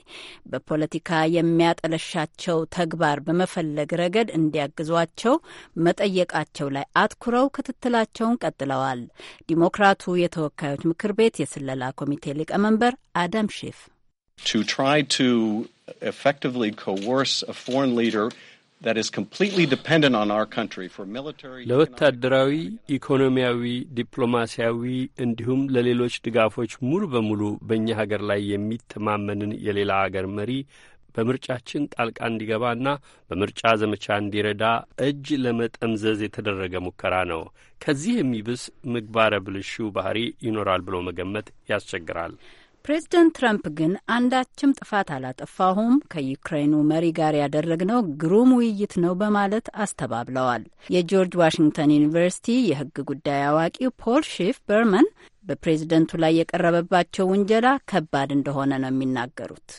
በፖለቲካ የሚያጠለሻቸው ተግባር በመፈለግ ረገድ እንዲያግዟቸው መጠየቃቸው ላይ አትኩረው ክትትላቸውን ቀጥለዋል። ዲሞክራቱ የተወካዮች ምክር ቤት የስለላ ኮሚቴ ሊቀመንበር አዳም ሼፍ ለወታደራዊ፣ ኢኮኖሚያዊ፣ ዲፕሎማሲያዊ እንዲሁም ለሌሎች ድጋፎች ሙሉ በሙሉ በእኛ ሀገር ላይ የሚተማመንን የሌላ አገር መሪ በምርጫችን ጣልቃ እንዲገባና በምርጫ ዘመቻ እንዲረዳ እጅ ለመጠምዘዝ የተደረገ ሙከራ ነው። ከዚህ የሚብስ ምግባረ ብልሹ ባህሪ ይኖራል ብሎ መገመት ያስቸግራል። ፕሬዝደንት ትራምፕ ግን አንዳችም ጥፋት አላጠፋሁም፣ ከዩክሬኑ መሪ ጋር ያደረግነው ግሩም ውይይት ነው በማለት አስተባብለዋል። የጆርጅ ዋሽንግተን ዩኒቨርሲቲ የሕግ ጉዳይ አዋቂው ፖል ሺፍ በርመን በፕሬዝደንቱ ላይ የቀረበባቸው ውንጀላ ከባድ እንደሆነ ነው የሚናገሩት።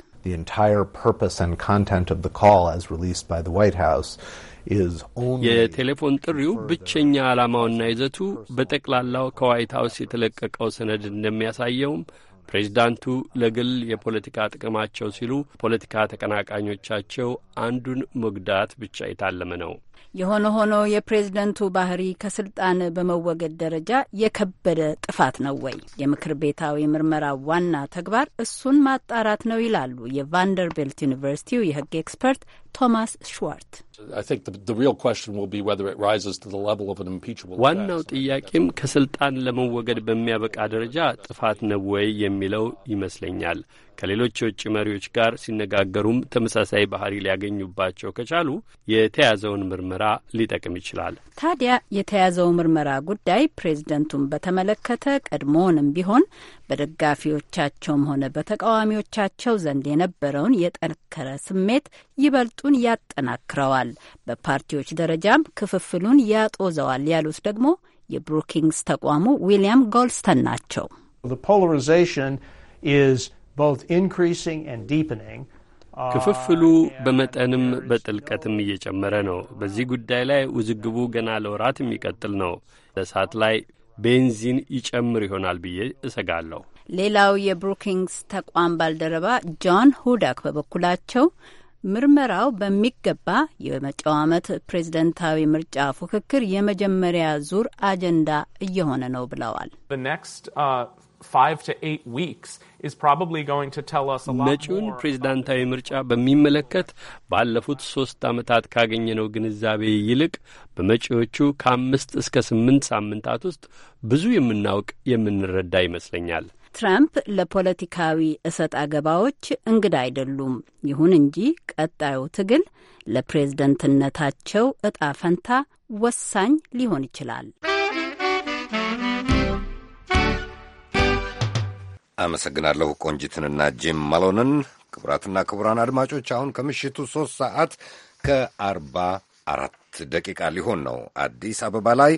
የቴሌፎን ጥሪው ብቸኛ ዓላማውና ይዘቱ በጠቅላላው ከዋይት ሀውስ የተለቀቀው ሰነድ እንደሚያሳየውም ፕሬዚዳንቱ ለግል የፖለቲካ ጥቅማቸው ሲሉ ፖለቲካ ተቀናቃኞቻቸው አንዱን መጉዳት ብቻ የታለመ ነው። የሆነ ሆኖ የፕሬዝደንቱ ባህሪ ከስልጣን በመወገድ ደረጃ የከበደ ጥፋት ነው ወይ? የምክር ቤታዊ ምርመራ ዋና ተግባር እሱን ማጣራት ነው ይላሉ የቫንደርቤልት ዩኒቨርሲቲው የሕግ ኤክስፐርት ቶማስ ሽዋርት። ዋናው ጥያቄም ከስልጣን ለመወገድ በሚያበቃ ደረጃ ጥፋት ነው ወይ የሚለው ይመስለኛል። ከሌሎች የውጭ መሪዎች ጋር ሲነጋገሩም ተመሳሳይ ባህሪ ሊያገኙባቸው ከቻሉ የተያዘውን ምርመራ ሊጠቅም ይችላል። ታዲያ የተያዘው ምርመራ ጉዳይ ፕሬዝደንቱን በተመለከተ ቀድሞውንም ቢሆን በደጋፊዎቻቸውም ሆነ በተቃዋሚዎቻቸው ዘንድ የነበረውን የጠነከረ ስሜት ይበልጡን ያጠናክረዋል፣ በፓርቲዎች ደረጃም ክፍፍሉን ያጦዘዋል ያሉት ደግሞ የብሩኪንግስ ተቋሙ ዊሊያም ጎልስተን ናቸው። Uh, ክፍፍሉ በመጠንም በጥልቀትም እየጨመረ ነው። በዚህ ጉዳይ ላይ ውዝግቡ ገና ለወራት የሚቀጥል ነው። እሳት ላይ ቤንዚን ይጨምር ይሆናል ብዬ እሰጋለሁ። ሌላው የብሩኪንግስ ተቋም ባልደረባ ጆን ሁዳክ በበኩላቸው ምርመራው በሚገባ የመጪው ዓመት ፕሬዝደንታዊ ምርጫ ፉክክር የመጀመሪያ ዙር አጀንዳ እየሆነ ነው ብለዋል። መጪውን ፕሬዝዳንታዊ ምርጫ በሚመለከት ባለፉት ሶስት ዓመታት ካገኘነው ግንዛቤ ይልቅ በመጪዎቹ ከአምስት እስከ ስምንት ሳምንታት ውስጥ ብዙ የምናውቅ የምንረዳ ይመስለኛል። ትራምፕ ለፖለቲካዊ እሰጥ አገባዎች እንግዳ አይደሉም። ይሁን እንጂ ቀጣዩ ትግል ለፕሬዝደንትነታቸው እጣ ፈንታ ወሳኝ ሊሆን ይችላል። አመሰግናለሁ ቆንጂትንና ጂም ማሎንን። ክቡራትና ክቡራን አድማጮች አሁን ከምሽቱ ሦስት ሰዓት ከአርባ አራት ደቂቃ ሊሆን ነው አዲስ አበባ ላይ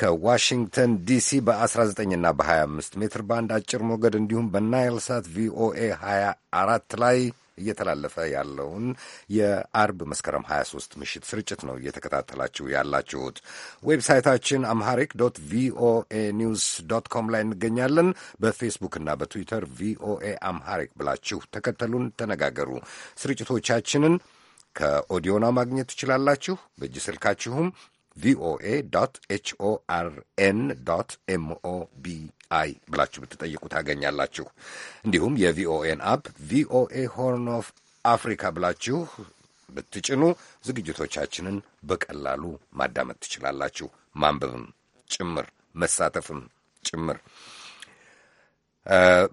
ከዋሽንግተን ዲሲ በ19ና በ25 ሜትር ባንድ አጭር ሞገድ እንዲሁም በናይል ሳት ቪኦኤ 24 ላይ እየተላለፈ ያለውን የአርብ መስከረም 23 ምሽት ስርጭት ነው እየተከታተላችሁ ያላችሁት። ዌብሳይታችን አምሃሪክ ዶት ቪኦኤ ኒውስ ዶት ኮም ላይ እንገኛለን። በፌስቡክና በትዊተር ቪኦኤ አምሃሪክ ብላችሁ ተከተሉን፣ ተነጋገሩ። ስርጭቶቻችንን ከኦዲዮና ማግኘት ትችላላችሁ። በእጅ ስልካችሁም ቪኦኤ ኤችኦአርኤን ኤምኦቢአይ ብላችሁ ብትጠይቁ ታገኛላችሁ። እንዲሁም የቪኦኤን አፕ ቪኦኤ ሆርን ኦፍ አፍሪካ ብላችሁ ብትጭኑ ዝግጅቶቻችንን በቀላሉ ማዳመጥ ትችላላችሁ። ማንበብም ጭምር መሳተፍም ጭምር።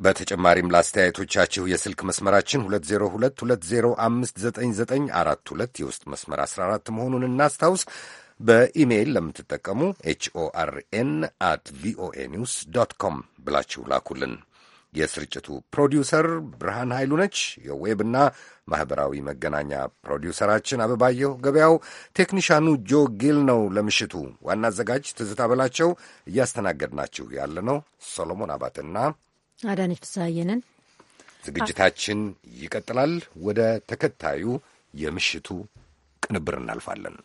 በተጨማሪም ለአስተያየቶቻችሁ የስልክ መስመራችን 2022059942 የውስጥ መስመር 14 መሆኑን እናስታውስ። በኢሜይል ለምትጠቀሙ ኤችኦአርኤን አት ቪኦኤ ኒውስ ዶት ኮም ብላችሁ ላኩልን። የስርጭቱ ፕሮዲውሰር ብርሃን ኃይሉ ነች። የዌብና ማኅበራዊ መገናኛ ፕሮዲውሰራችን አበባየሁ ገበያው፣ ቴክኒሻኑ ጆ ጊል ነው። ለምሽቱ ዋና አዘጋጅ ትዝታ በላቸው፣ እያስተናገድናችሁ ያለ ነው ሶሎሞን አባትና አዳነች ፍስሐየንን። ዝግጅታችን ይቀጥላል። ወደ ተከታዩ የምሽቱ ቅንብር እናልፋለን።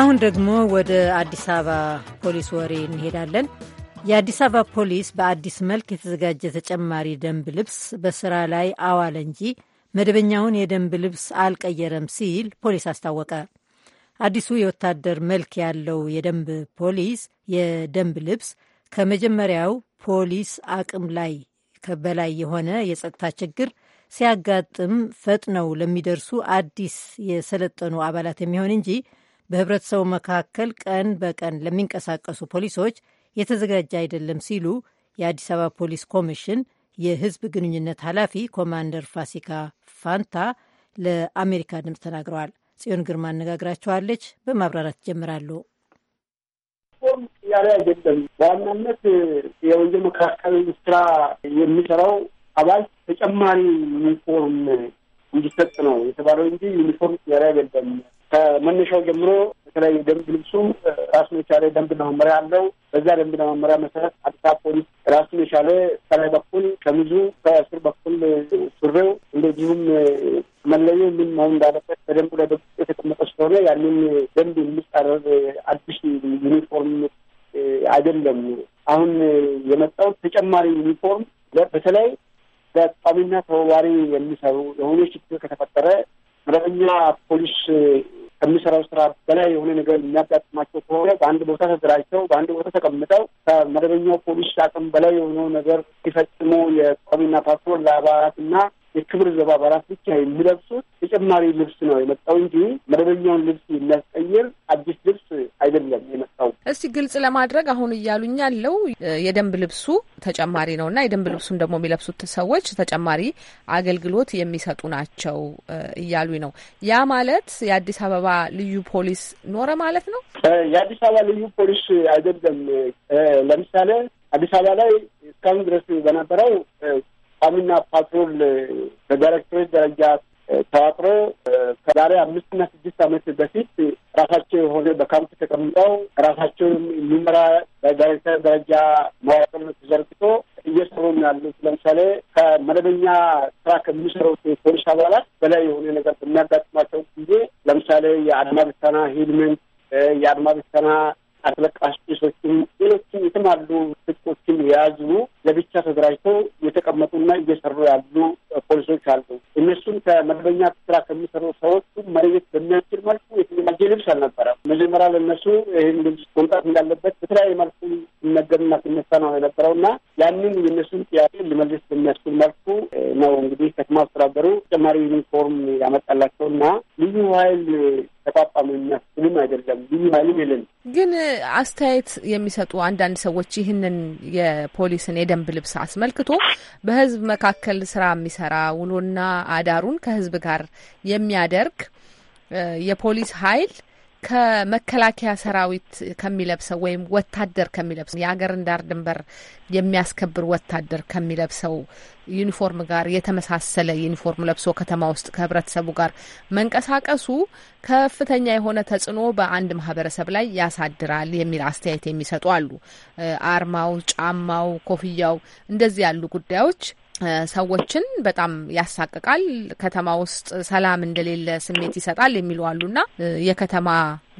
አሁን ደግሞ ወደ አዲስ አበባ ፖሊስ ወሬ እንሄዳለን። የአዲስ አበባ ፖሊስ በአዲስ መልክ የተዘጋጀ ተጨማሪ ደንብ ልብስ በስራ ላይ አዋለ እንጂ መደበኛውን የደንብ ልብስ አልቀየረም ሲል ፖሊስ አስታወቀ። አዲሱ የወታደር መልክ ያለው የደንብ ፖሊስ የደንብ ልብስ ከመጀመሪያው ፖሊስ አቅም ላይ በላይ የሆነ የጸጥታ ችግር ሲያጋጥም ፈጥነው ለሚደርሱ አዲስ የሰለጠኑ አባላት የሚሆን እንጂ በህብረተሰቡ መካከል ቀን በቀን ለሚንቀሳቀሱ ፖሊሶች የተዘጋጀ አይደለም ሲሉ የአዲስ አበባ ፖሊስ ኮሚሽን የህዝብ ግንኙነት ኃላፊ ኮማንደር ፋሲካ ፋንታ ለአሜሪካ ድምፅ ተናግረዋል። ጽዮን ግርማ አነጋግራቸዋለች። በማብራራት ጀምራለሁ። ጦር ያለ አይደለም። በዋናነት የወንጀል መከላከል ስራ የሚሰራው አባል ተጨማሪ ዩኒፎርም እንዲሰጥ ነው የተባለው እንጂ ዩኒፎርም ያለ አይደለም። ከመነሻው ጀምሮ በተለያዩ ደንብ ልብሱ ራሱን የቻለ ደንብ መመሪያ አለው። በዛ ደንብ መመሪያ መሰረት አዲስ አበባ ፖሊስ ራሱን የቻለ ከላይ በኩል ከሚዙ ከስር በኩል ሱሬው እንደዚሁም መለዩ ምን መሆን እንዳለበት በደንቡ ላይ በግልጽ የተቀመጠ ስለሆነ ያንን ደንብ የሚጻረር አዲስ ዩኒፎርም አይደለም። አሁን የመጣው ተጨማሪ ዩኒፎርም በተለይ በቋሚና ተወዋሪ የሚሰሩ የሆነ ችግር ከተፈጠረ መደበኛ ፖሊስ ከሚሰራው ስራ በላይ የሆነ ነገር የሚያጋጥማቸው ከሆነ በአንድ ቦታ ተደራጅተው በአንድ ቦታ ተቀምጠው ከመደበኛው ፖሊስ አቅም በላይ የሆነው ነገር ሲፈጽሙ የቋሚና ፓትሮል ለአባላት እና የክብር ዘብ አባላት ብቻ የሚለብሱት ተጨማሪ ልብስ ነው የመጣው እንጂ መደበኛውን ልብስ የሚያስቀይር አዲስ ልብስ አይደለም የመጣው። እስቲ ግልጽ ለማድረግ አሁን እያሉኝ ያለው የደንብ ልብሱ ተጨማሪ ነው እና የደንብ ልብሱን ደግሞ የሚለብሱት ሰዎች ተጨማሪ አገልግሎት የሚሰጡ ናቸው እያሉኝ ነው። ያ ማለት የአዲስ አበባ ልዩ ፖሊስ ኖረ ማለት ነው። የአዲስ አበባ ልዩ ፖሊስ አይደለም። ለምሳሌ አዲስ አበባ ላይ እስካሁን ድረስ በነበረው ቋሚና ፓትሮል በዳይሬክቶሬት ደረጃ ተዋቅሮ ከዛሬ አምስትና ስድስት ዓመት በፊት ራሳቸው የሆነ በካምፕ ተቀምጠው ራሳቸውን የሚመራ በዳይሬክተር ደረጃ መዋቅር ተዘርግቶ እየሰሩ ያሉት ለምሳሌ ከመደበኛ ስራ ከሚሰሩት ፖሊስ አባላት በላይ የሆነ ነገር በሚያጋጥማቸው ጊዜ ለምሳሌ የአድማ ብተና ሂልመንት የአድማ ብተና አስለቃሽ ጭሶችም፣ ሌሎችም የተማሉ ትጥቆችም የያዙ ለብቻ ተደራጅተው የተቀመጡና እየሰሩ ያሉ ፖሊሶች አሉ። እነሱም ከመደበኛ ስራ ከሚሰሩ ሰዎች መሬት በሚያስችል መልኩ የተዘጋጀ ልብስ አልነበረም። መጀመሪያ ለእነሱ ይህን ልብስ መምጣት እንዳለበት በተለያየ መልኩ ሲነገርና ሲነሳ ነው የነበረው እና ያንን የእነሱን ጥያቄ ሊመልስ በሚያስችል መልኩ ነው እንግዲህ ከተማ አስተዳደሩ ተጨማሪ ዩኒፎርም ያመጣላቸው እና ልዩ ኃይል ተቋቋሙ የሚያስችልም አይደለም። ልዩ ኃይልም የለን። ግን አስተያየት የሚሰጡ አንዳንድ ሰዎች ይህንን የፖሊስን የደ የደንብ ልብስ አስመልክቶ በህዝብ መካከል ስራ የሚሰራ ውሎና አዳሩን ከህዝብ ጋር የሚያደርግ የፖሊስ ኃይል ከመከላከያ ሰራዊት ከሚለብሰው ወይም ወታደር ከሚለብሰው የሀገርን ዳር ድንበር የሚያስከብር ወታደር ከሚለብሰው ዩኒፎርም ጋር የተመሳሰለ ዩኒፎርም ለብሶ ከተማ ውስጥ ከህብረተሰቡ ጋር መንቀሳቀሱ ከፍተኛ የሆነ ተጽዕኖ በአንድ ማህበረሰብ ላይ ያሳድራል የሚል አስተያየት የሚሰጡ አሉ። አርማው፣ ጫማው፣ ኮፍያው እንደዚህ ያሉ ጉዳዮች ሰዎችን በጣም ያሳቅቃል። ከተማ ውስጥ ሰላም እንደሌለ ስሜት ይሰጣል የሚሉ አሉና የከተማ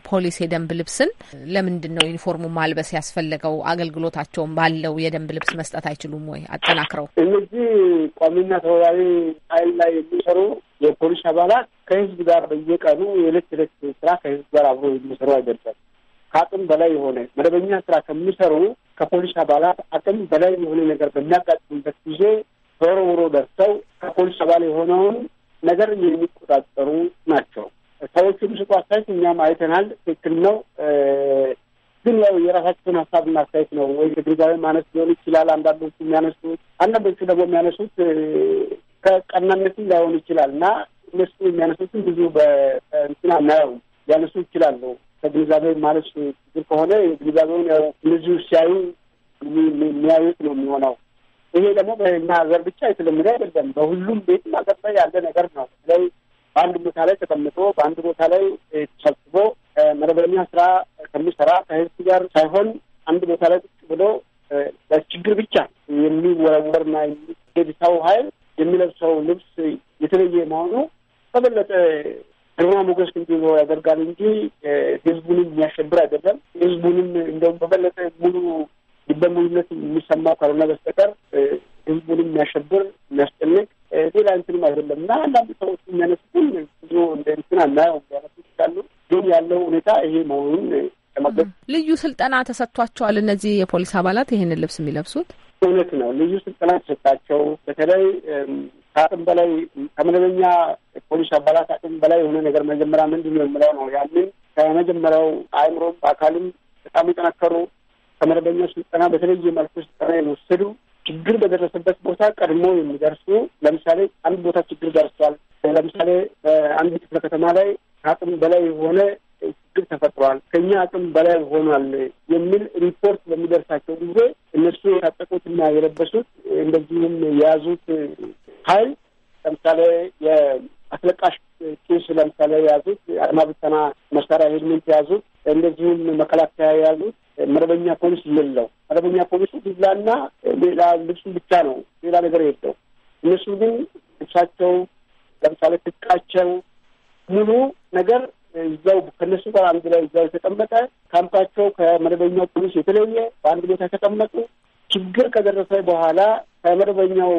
ፖሊስ የደንብ ልብስን ለምንድን ነው ዩኒፎርሙ ማልበስ ያስፈለገው? አገልግሎታቸውን ባለው የደንብ ልብስ መስጠት አይችሉም ወይ? አጠናክረው እነዚህ ቋሚና ተወዳሪ ኃይል ላይ የሚሰሩ የፖሊስ አባላት ከህዝብ ጋር በየቀኑ የዕለት ዕለት ስራ ከህዝብ ጋር አብሮ የሚሰሩ አይደለም። ከአቅም በላይ የሆነ መደበኛ ስራ ከሚሰሩ ከፖሊስ አባላት አቅም በላይ የሆነ ነገር በሚያጋጥሙበት ጊዜ ዞሮ ውሮ ደርሰው ከፖሊስ አባል የሆነውን ነገር የሚቆጣጠሩ ናቸው። ሰዎቹ ምስጡ አስተያየት እኛም አይተናል፣ ትክክል ነው። ግን ያው የራሳቸውን ሀሳብና አስተያየት ነው። ወይ ከግንዛቤ ማነስ ሊሆን ይችላል። አንዳንዶቹ የሚያነሱት አንዳንዶቹ ደግሞ የሚያነሱት ከቀናነትም ላይሆን ይችላል እና እነሱ የሚያነሱትን ብዙ በእንትን አናየው ሊያነሱ ይችላሉ። ከግንዛቤ ማነስ ችግር ከሆነ ግንዛቤውን ያው እነዚሁ ሲያዩ የሚያዩት ነው የሚሆነው ይሄ ደግሞ በእኛ ሀገር ብቻ የተለመደ አይደለም። በሁሉም ቤት ማቀባ ያለ ነገር ነው። በተለይ በአንድ ቦታ ላይ ተቀምጦ በአንድ ቦታ ላይ ተሰብስቦ መደበኛ ስራ ከሚሰራ ከህዝብ ጋር ሳይሆን አንድ ቦታ ላይ ቁጭ ብሎ በችግር ብቻ የሚወረወርና የሚገድ ሰው ሀይል የሚለብሰው ልብስ የተለየ መሆኑ በበለጠ ግርማ ሞገስ እንዲ ያደርጋል እንጂ ህዝቡንም የሚያሸብር አይደለም። ህዝቡንም እንደውም በበለጠ ሙሉ ልበሙሉነት የሚሰማ ካልሆነ በስተቀር ህዝቡን የሚያሸብር የሚያስጨንቅ ሌላ እንትንም አይደለም እና አንዳንድ ሰዎች የሚያነሱትን ብዙ እንደ እንትን አናየው ያነሱ ይችላሉ። ግን ያለው ሁኔታ ይሄ መሆኑን ልዩ ስልጠና ተሰጥቷቸዋል። እነዚህ የፖሊስ አባላት ይህንን ልብስ የሚለብሱት እውነት ነው። ልዩ ስልጠና ተሰጣቸው። በተለይ ከአቅም በላይ ከመደበኛ ፖሊስ አባላት አቅም በላይ የሆነ ነገር መጀመሪያ ምንድን ነው የምለው ነው። ያንን ከመጀመሪያው አእምሮም በአካልም በጣም የጠነከሩ ከመደበኛ ስልጠና በተለየ መልኩ ስልጠና የወሰዱ ችግር በደረሰበት ቦታ ቀድሞ የሚደርሱ ለምሳሌ አንድ ቦታ ችግር ደርሷል። ለምሳሌ በአንድ ክፍለ ከተማ ላይ ከአቅም በላይ የሆነ ችግር ተፈጥሯል፣ ከኛ አቅም በላይ ሆኗል የሚል ሪፖርት በሚደርሳቸው ጊዜ እነሱ የታጠቁትና የለበሱት እንደዚሁም የያዙት ኃይል ለምሳሌ የአስለቃሽ ጭስ ለምሳሌ የያዙት አድማ ብተና መሳሪያ ሄድሜንት የያዙት እንደዚሁም መከላከያ ያሉት መደበኛ ፖሊስ የለው። መደበኛ ፖሊሱ ዱላና ሌላ ልብሱ ብቻ ነው፣ ሌላ ነገር የለው። እነሱ ግን ልብሳቸው፣ ለምሳሌ ትጥቃቸው፣ ሙሉ ነገር እዛው ከነሱ ጋር አንድ ላይ እዛው የተቀመጠ ካምፓቸው ከመደበኛው ፖሊስ የተለየ በአንድ ቦታ የተቀመጡ ችግር ከደረሰ በኋላ ከመደበኛው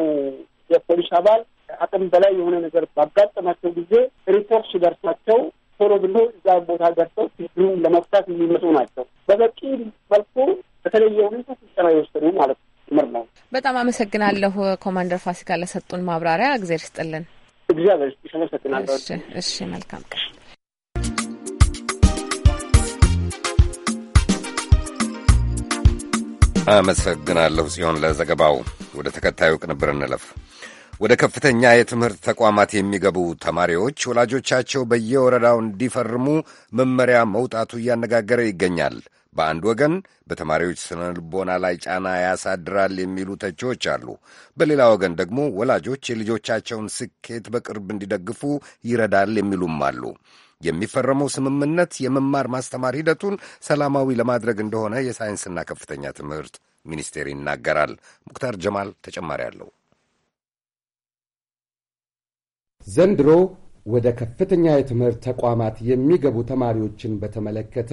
የፖሊስ አባል አቅም በላይ የሆነ ነገር ባጋጠማቸው ጊዜ ሪፖርት ሲደርሳቸው ቶሎ ብሎ እዛ ቦታ ገብተው ችግሩን ለመፍታት የሚመጡ ናቸው። በበቂ መልኩ በተለየ ሁኔታ ስልጠና የወሰዱ ማለት ምር ነው። በጣም አመሰግናለሁ ኮማንደር ፋሲካ ለሰጡን ማብራሪያ። እግዜር ይስጥልን። እግዚአብሔር ይስጥሽ። አመሰግናለሁ። እሺ፣ መልካም ቀን። አመሰግናለሁ ሲሆን ለዘገባው። ወደ ተከታዩ ቅንብር እንለፍ። ወደ ከፍተኛ የትምህርት ተቋማት የሚገቡ ተማሪዎች ወላጆቻቸው በየወረዳው እንዲፈርሙ መመሪያ መውጣቱ እያነጋገረ ይገኛል። በአንድ ወገን በተማሪዎች ስነ ልቦና ላይ ጫና ያሳድራል የሚሉ ተቺዎች አሉ። በሌላ ወገን ደግሞ ወላጆች የልጆቻቸውን ስኬት በቅርብ እንዲደግፉ ይረዳል የሚሉም አሉ። የሚፈረመው ስምምነት የመማር ማስተማር ሂደቱን ሰላማዊ ለማድረግ እንደሆነ የሳይንስና ከፍተኛ ትምህርት ሚኒስቴር ይናገራል። ሙክታር ጀማል ተጨማሪ አለው። ዘንድሮ ወደ ከፍተኛ የትምህርት ተቋማት የሚገቡ ተማሪዎችን በተመለከተ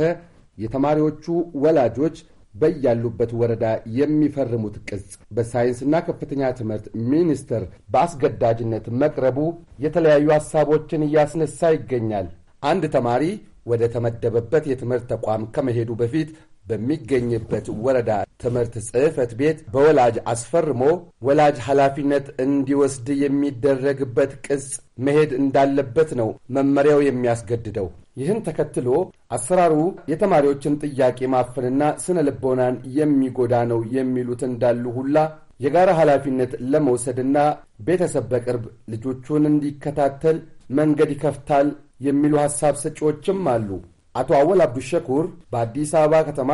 የተማሪዎቹ ወላጆች በያሉበት ወረዳ የሚፈርሙት ቅጽ በሳይንስና ከፍተኛ ትምህርት ሚኒስቴር በአስገዳጅነት መቅረቡ የተለያዩ ሐሳቦችን እያስነሳ ይገኛል። አንድ ተማሪ ወደ ተመደበበት የትምህርት ተቋም ከመሄዱ በፊት በሚገኝበት ወረዳ ትምህርት ጽሕፈት ቤት በወላጅ አስፈርሞ ወላጅ ኃላፊነት እንዲወስድ የሚደረግበት ቅጽ መሄድ እንዳለበት ነው መመሪያው የሚያስገድደው። ይህን ተከትሎ አሰራሩ የተማሪዎችን ጥያቄ ማፈንና ስነ ልቦናን የሚጎዳ ነው የሚሉት እንዳሉ ሁላ የጋራ ኃላፊነት ለመውሰድና ቤተሰብ በቅርብ ልጆቹን እንዲከታተል መንገድ ይከፍታል የሚሉ ሐሳብ ሰጪዎችም አሉ። አቶ አወል አብዱሸኩር በአዲስ አበባ ከተማ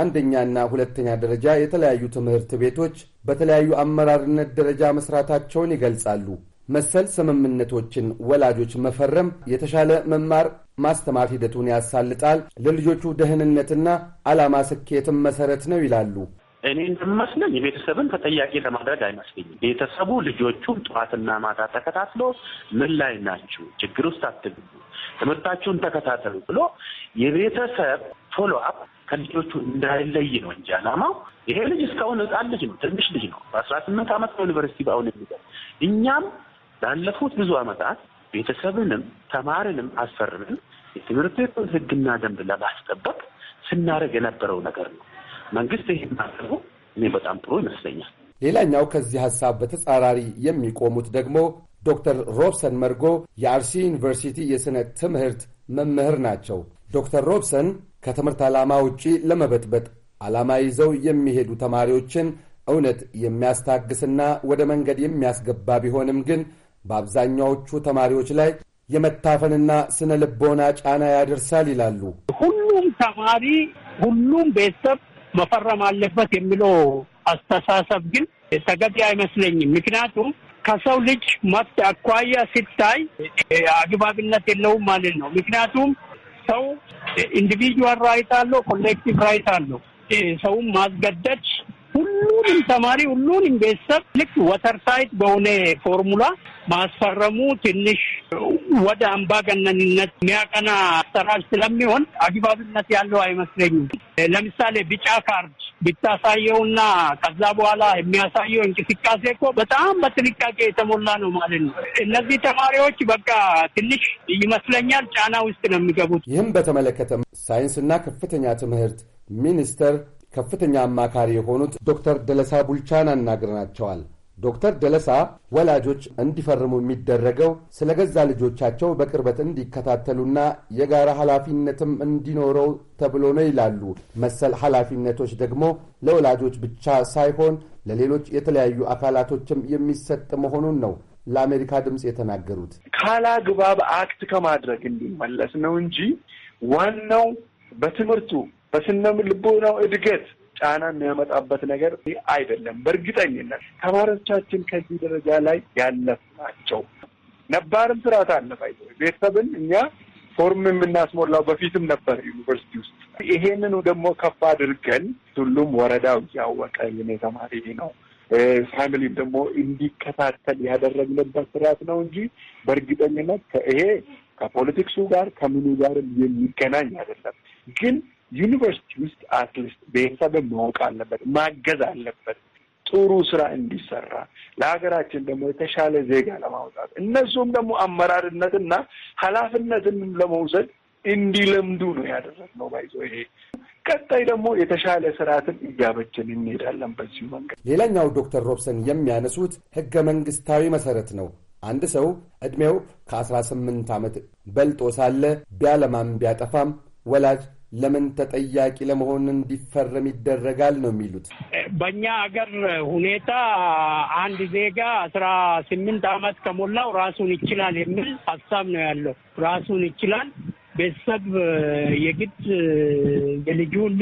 አንደኛና ሁለተኛ ደረጃ የተለያዩ ትምህርት ቤቶች በተለያዩ አመራርነት ደረጃ መስራታቸውን ይገልጻሉ። መሰል ስምምነቶችን ወላጆች መፈረም የተሻለ መማር ማስተማር ሂደቱን ያሳልጣል፣ ለልጆቹ ደህንነትና ዓላማ ስኬትም መሰረት ነው ይላሉ። እኔ እንደሚመስለኝ የቤተሰብን ተጠያቂ ለማድረግ አይመስለኝም። ቤተሰቡ ልጆቹን ጠዋትና ማታ ተከታትሎ ምን ላይ ናችሁ፣ ችግር ውስጥ አትግቡ፣ ትምህርታችሁን ተከታተሉ ብሎ የቤተሰብ ፎሎ አፕ ከልጆቹ እንዳይለይ ነው እንጂ አላማው ይሄ ልጅ እስካሁን ህጻን ልጅ ነው፣ ትንሽ ልጅ ነው። በአስራ ስምንት ዓመት ነው ዩኒቨርሲቲ በአሁን የሚገር እኛም ላለፉት ብዙ ዓመታት ቤተሰብንም ተማሪንም አስፈርምን የትምህርት ቤቱን ህግና ደንብ ለማስጠበቅ ስናደርግ የነበረው ነገር ነው። መንግስት ይህ ማድረጉ እኔ በጣም ጥሩ ይመስለኛል። ሌላኛው ከዚህ ሀሳብ በተጻራሪ የሚቆሙት ደግሞ ዶክተር ሮብሰን መርጎ የአርሲ ዩኒቨርሲቲ የሥነ ትምህርት መምህር ናቸው። ዶክተር ሮብሰን ከትምህርት ዓላማ ውጪ ለመበጥበጥ ዓላማ ይዘው የሚሄዱ ተማሪዎችን እውነት የሚያስታግስና ወደ መንገድ የሚያስገባ ቢሆንም ግን በአብዛኛዎቹ ተማሪዎች ላይ የመታፈንና ስነ ልቦና ጫና ያደርሳል ይላሉ። ሁሉም ተማሪ ሁሉም ቤተሰብ መፈረም አለበት የሚለው አስተሳሰብ ግን ተገቢ አይመስለኝም። ምክንያቱም ከሰው ልጅ መብት አኳያ ሲታይ አግባብነት የለውም ማለት ነው። ምክንያቱም ሰው ኢንዲቪጁዋል ራይት አለው፣ ኮሌክቲቭ ራይት አለው። ሰውም ማስገደድ ሁሉንም ተማሪ ሁሉንም ቤተሰብ ልክ ወተርሳይት በሆነ ፎርሙላ ማስፈረሙ ትንሽ ወደ አምባገነንነት የሚያቀና አሰራር ስለሚሆን አግባብነት ያለው አይመስለኝም። ለምሳሌ ቢጫ ካርድ ብታሳየውና ከዛ በኋላ የሚያሳየው እንቅስቃሴ እኮ በጣም በጥንቃቄ የተሞላ ነው ማለት ነው። እነዚህ ተማሪዎች በቃ ትንሽ ይመስለኛል ጫና ውስጥ ነው የሚገቡት። ይህም በተመለከተ ሳይንስና ከፍተኛ ትምህርት ሚኒስቴር ከፍተኛ አማካሪ የሆኑት ዶክተር ደለሳ ቡልቻን አናግረናቸዋል። ዶክተር ደለሳ ወላጆች እንዲፈርሙ የሚደረገው ስለ ገዛ ልጆቻቸው በቅርበት እንዲከታተሉና የጋራ ኃላፊነትም እንዲኖረው ተብሎ ነው ይላሉ። መሰል ኃላፊነቶች ደግሞ ለወላጆች ብቻ ሳይሆን ለሌሎች የተለያዩ አካላቶችም የሚሰጥ መሆኑን ነው ለአሜሪካ ድምፅ የተናገሩት። ካላግባብ አክት ከማድረግ እንዲመለስ ነው እንጂ ዋናው በትምህርቱ በስነም ልቦናው እድገት ጫና የሚያመጣበት ነገር አይደለም። በእርግጠኝነት ተማሪዎቻችን ከዚህ ደረጃ ላይ ያለፍ ናቸው። ነባርም ስርዓት አለፍ ቤተሰብን እኛ ፎርም የምናስሞላው በፊትም ነበር ዩኒቨርሲቲ ውስጥ። ይሄንኑ ደግሞ ከፍ አድርገን ሁሉም ወረዳው እያወቀ የኔ ተማሪ ነው ፋሚሊ ደግሞ እንዲከታተል ያደረግንበት ስርዓት ነው እንጂ በእርግጠኝነት ይሄ ከፖለቲክሱ ጋር ከምኑ ጋርም የሚገናኝ አይደለም ግን ዩኒቨርሲቲ ውስጥ አትሊስት ቤተሰብን ማወቅ አለበት፣ ማገዝ አለበት ጥሩ ስራ እንዲሰራ ለሀገራችን ደግሞ የተሻለ ዜጋ ለማውጣት እነሱም ደግሞ አመራርነትና ኃላፊነትን ለመውሰድ እንዲለምዱ ነው ያደረግነው። ባይዞ ይሄ ቀጣይ ደግሞ የተሻለ ስርዓትን እያበችን እንሄዳለን። በዚሁ መንገድ ሌላኛው ዶክተር ሮብሰን የሚያነሱት ህገ መንግስታዊ መሰረት ነው። አንድ ሰው እድሜው ከአስራ ስምንት ዓመት በልጦ ሳለ ቢያለማም ቢያጠፋም ወላጅ ለምን ተጠያቂ ለመሆን እንዲፈረም ይደረጋል ነው የሚሉት። በእኛ ሀገር ሁኔታ አንድ ዜጋ አስራ ስምንት ዓመት ከሞላው ራሱን ይችላል የሚል ሀሳብ ነው ያለው። ራሱን ይችላል ቤተሰብ የግድ የልጁን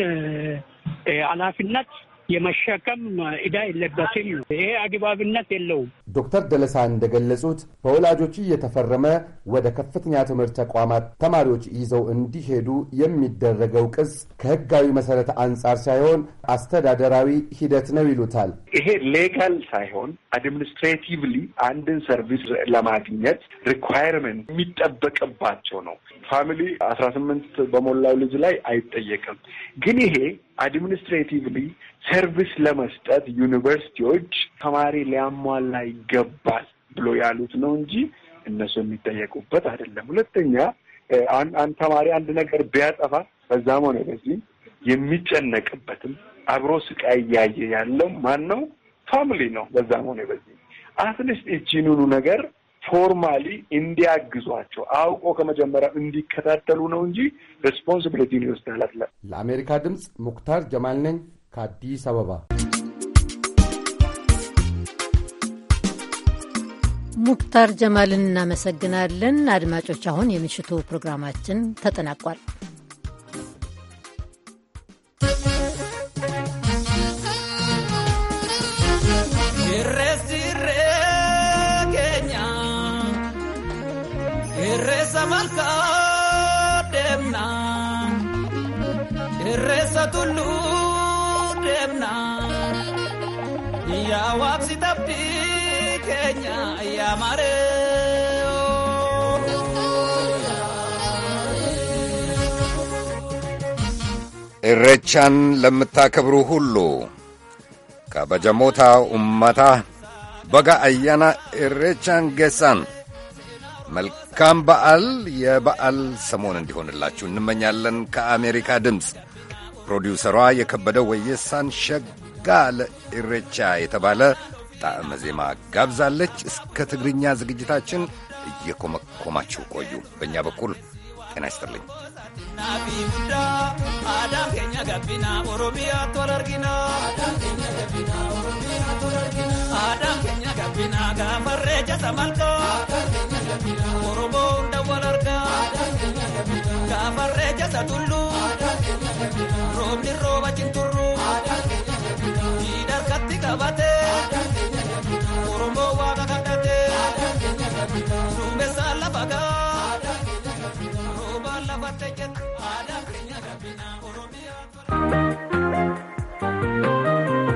ኃላፊነት የመሸከም እዳ የለበትም። ይሄ አግባብነት የለውም። ዶክተር ደለሳ እንደገለጹት በወላጆች እየተፈረመ ወደ ከፍተኛ ትምህርት ተቋማት ተማሪዎች ይዘው እንዲሄዱ የሚደረገው ቅጽ ከህጋዊ መሰረት አንጻር ሳይሆን አስተዳደራዊ ሂደት ነው ይሉታል። ይሄ ሌጋል ሳይሆን አድሚኒስትሬቲቭሊ አንድን ሰርቪስ ለማግኘት ሪኳየርመንት የሚጠበቅባቸው ነው። ፋሚሊ አስራ ስምንት በሞላው ልጅ ላይ አይጠየቅም። ግን ይሄ አድሚኒስትሬቲቭሊ ሰርቪስ ለመስጠት ዩኒቨርሲቲዎች ተማሪ ሊያሟላ ይገባል ብሎ ያሉት ነው እንጂ እነሱ የሚጠየቁበት አይደለም። ሁለተኛ አንድ ተማሪ አንድ ነገር ቢያጠፋ በዛም ሆነ በዚህ የሚጨነቅበትም አብሮ ስቃይ እያየ ያለው ማን ነው? ፋሚሊ ነው። በዛም ሆነ በዚህ አትሊስት እቺኑኑ ነገር ፎርማሊ እንዲያግዟቸው አውቆ ከመጀመሪያ እንዲከታተሉ ነው እንጂ ሬስፖንሲቢሊቲ ሊወስዳል አለ። ለአሜሪካ ድምፅ ሙክታር ጀማል ነኝ ከአዲስ አበባ። ሙክታር ጀማልን እናመሰግናለን። አድማጮች፣ አሁን የምሽቱ ፕሮግራማችን ተጠናቋል። ኢሬቻን ለምታከብሩ ሁሉ ከበጀሞታ ኡማታ በጋ አያና ኢሬቻን ጌሳን መልካም በዓል የበዓል ሰሞን እንዲሆንላችሁ እንመኛለን። ከአሜሪካ ድምፅ ፕሮዲውሰሯ የከበደ ወየሳን ሸጋ ለኢሬቻ የተባለ ጣዕመ ዜማ ጋብዛለች። እስከ ትግርኛ ዝግጅታችን እየኮመኮማችሁ ቆዩ። በእኛ በኩል ጤና ይስጥልኝ። Naa fi guddaa keenya gabbinaa Oromiyaatti wal argina. Aadaan keenya gabbinaa gaafarree jata malkaa. Oromoo hunda wal argaa. Gaafarree jata tulluu. Roobni rooba cinturruu. Diida harkatti qabatee. Oromoo waaqa kadhatee. Duumessaa lafa gaa. Oromiyaa.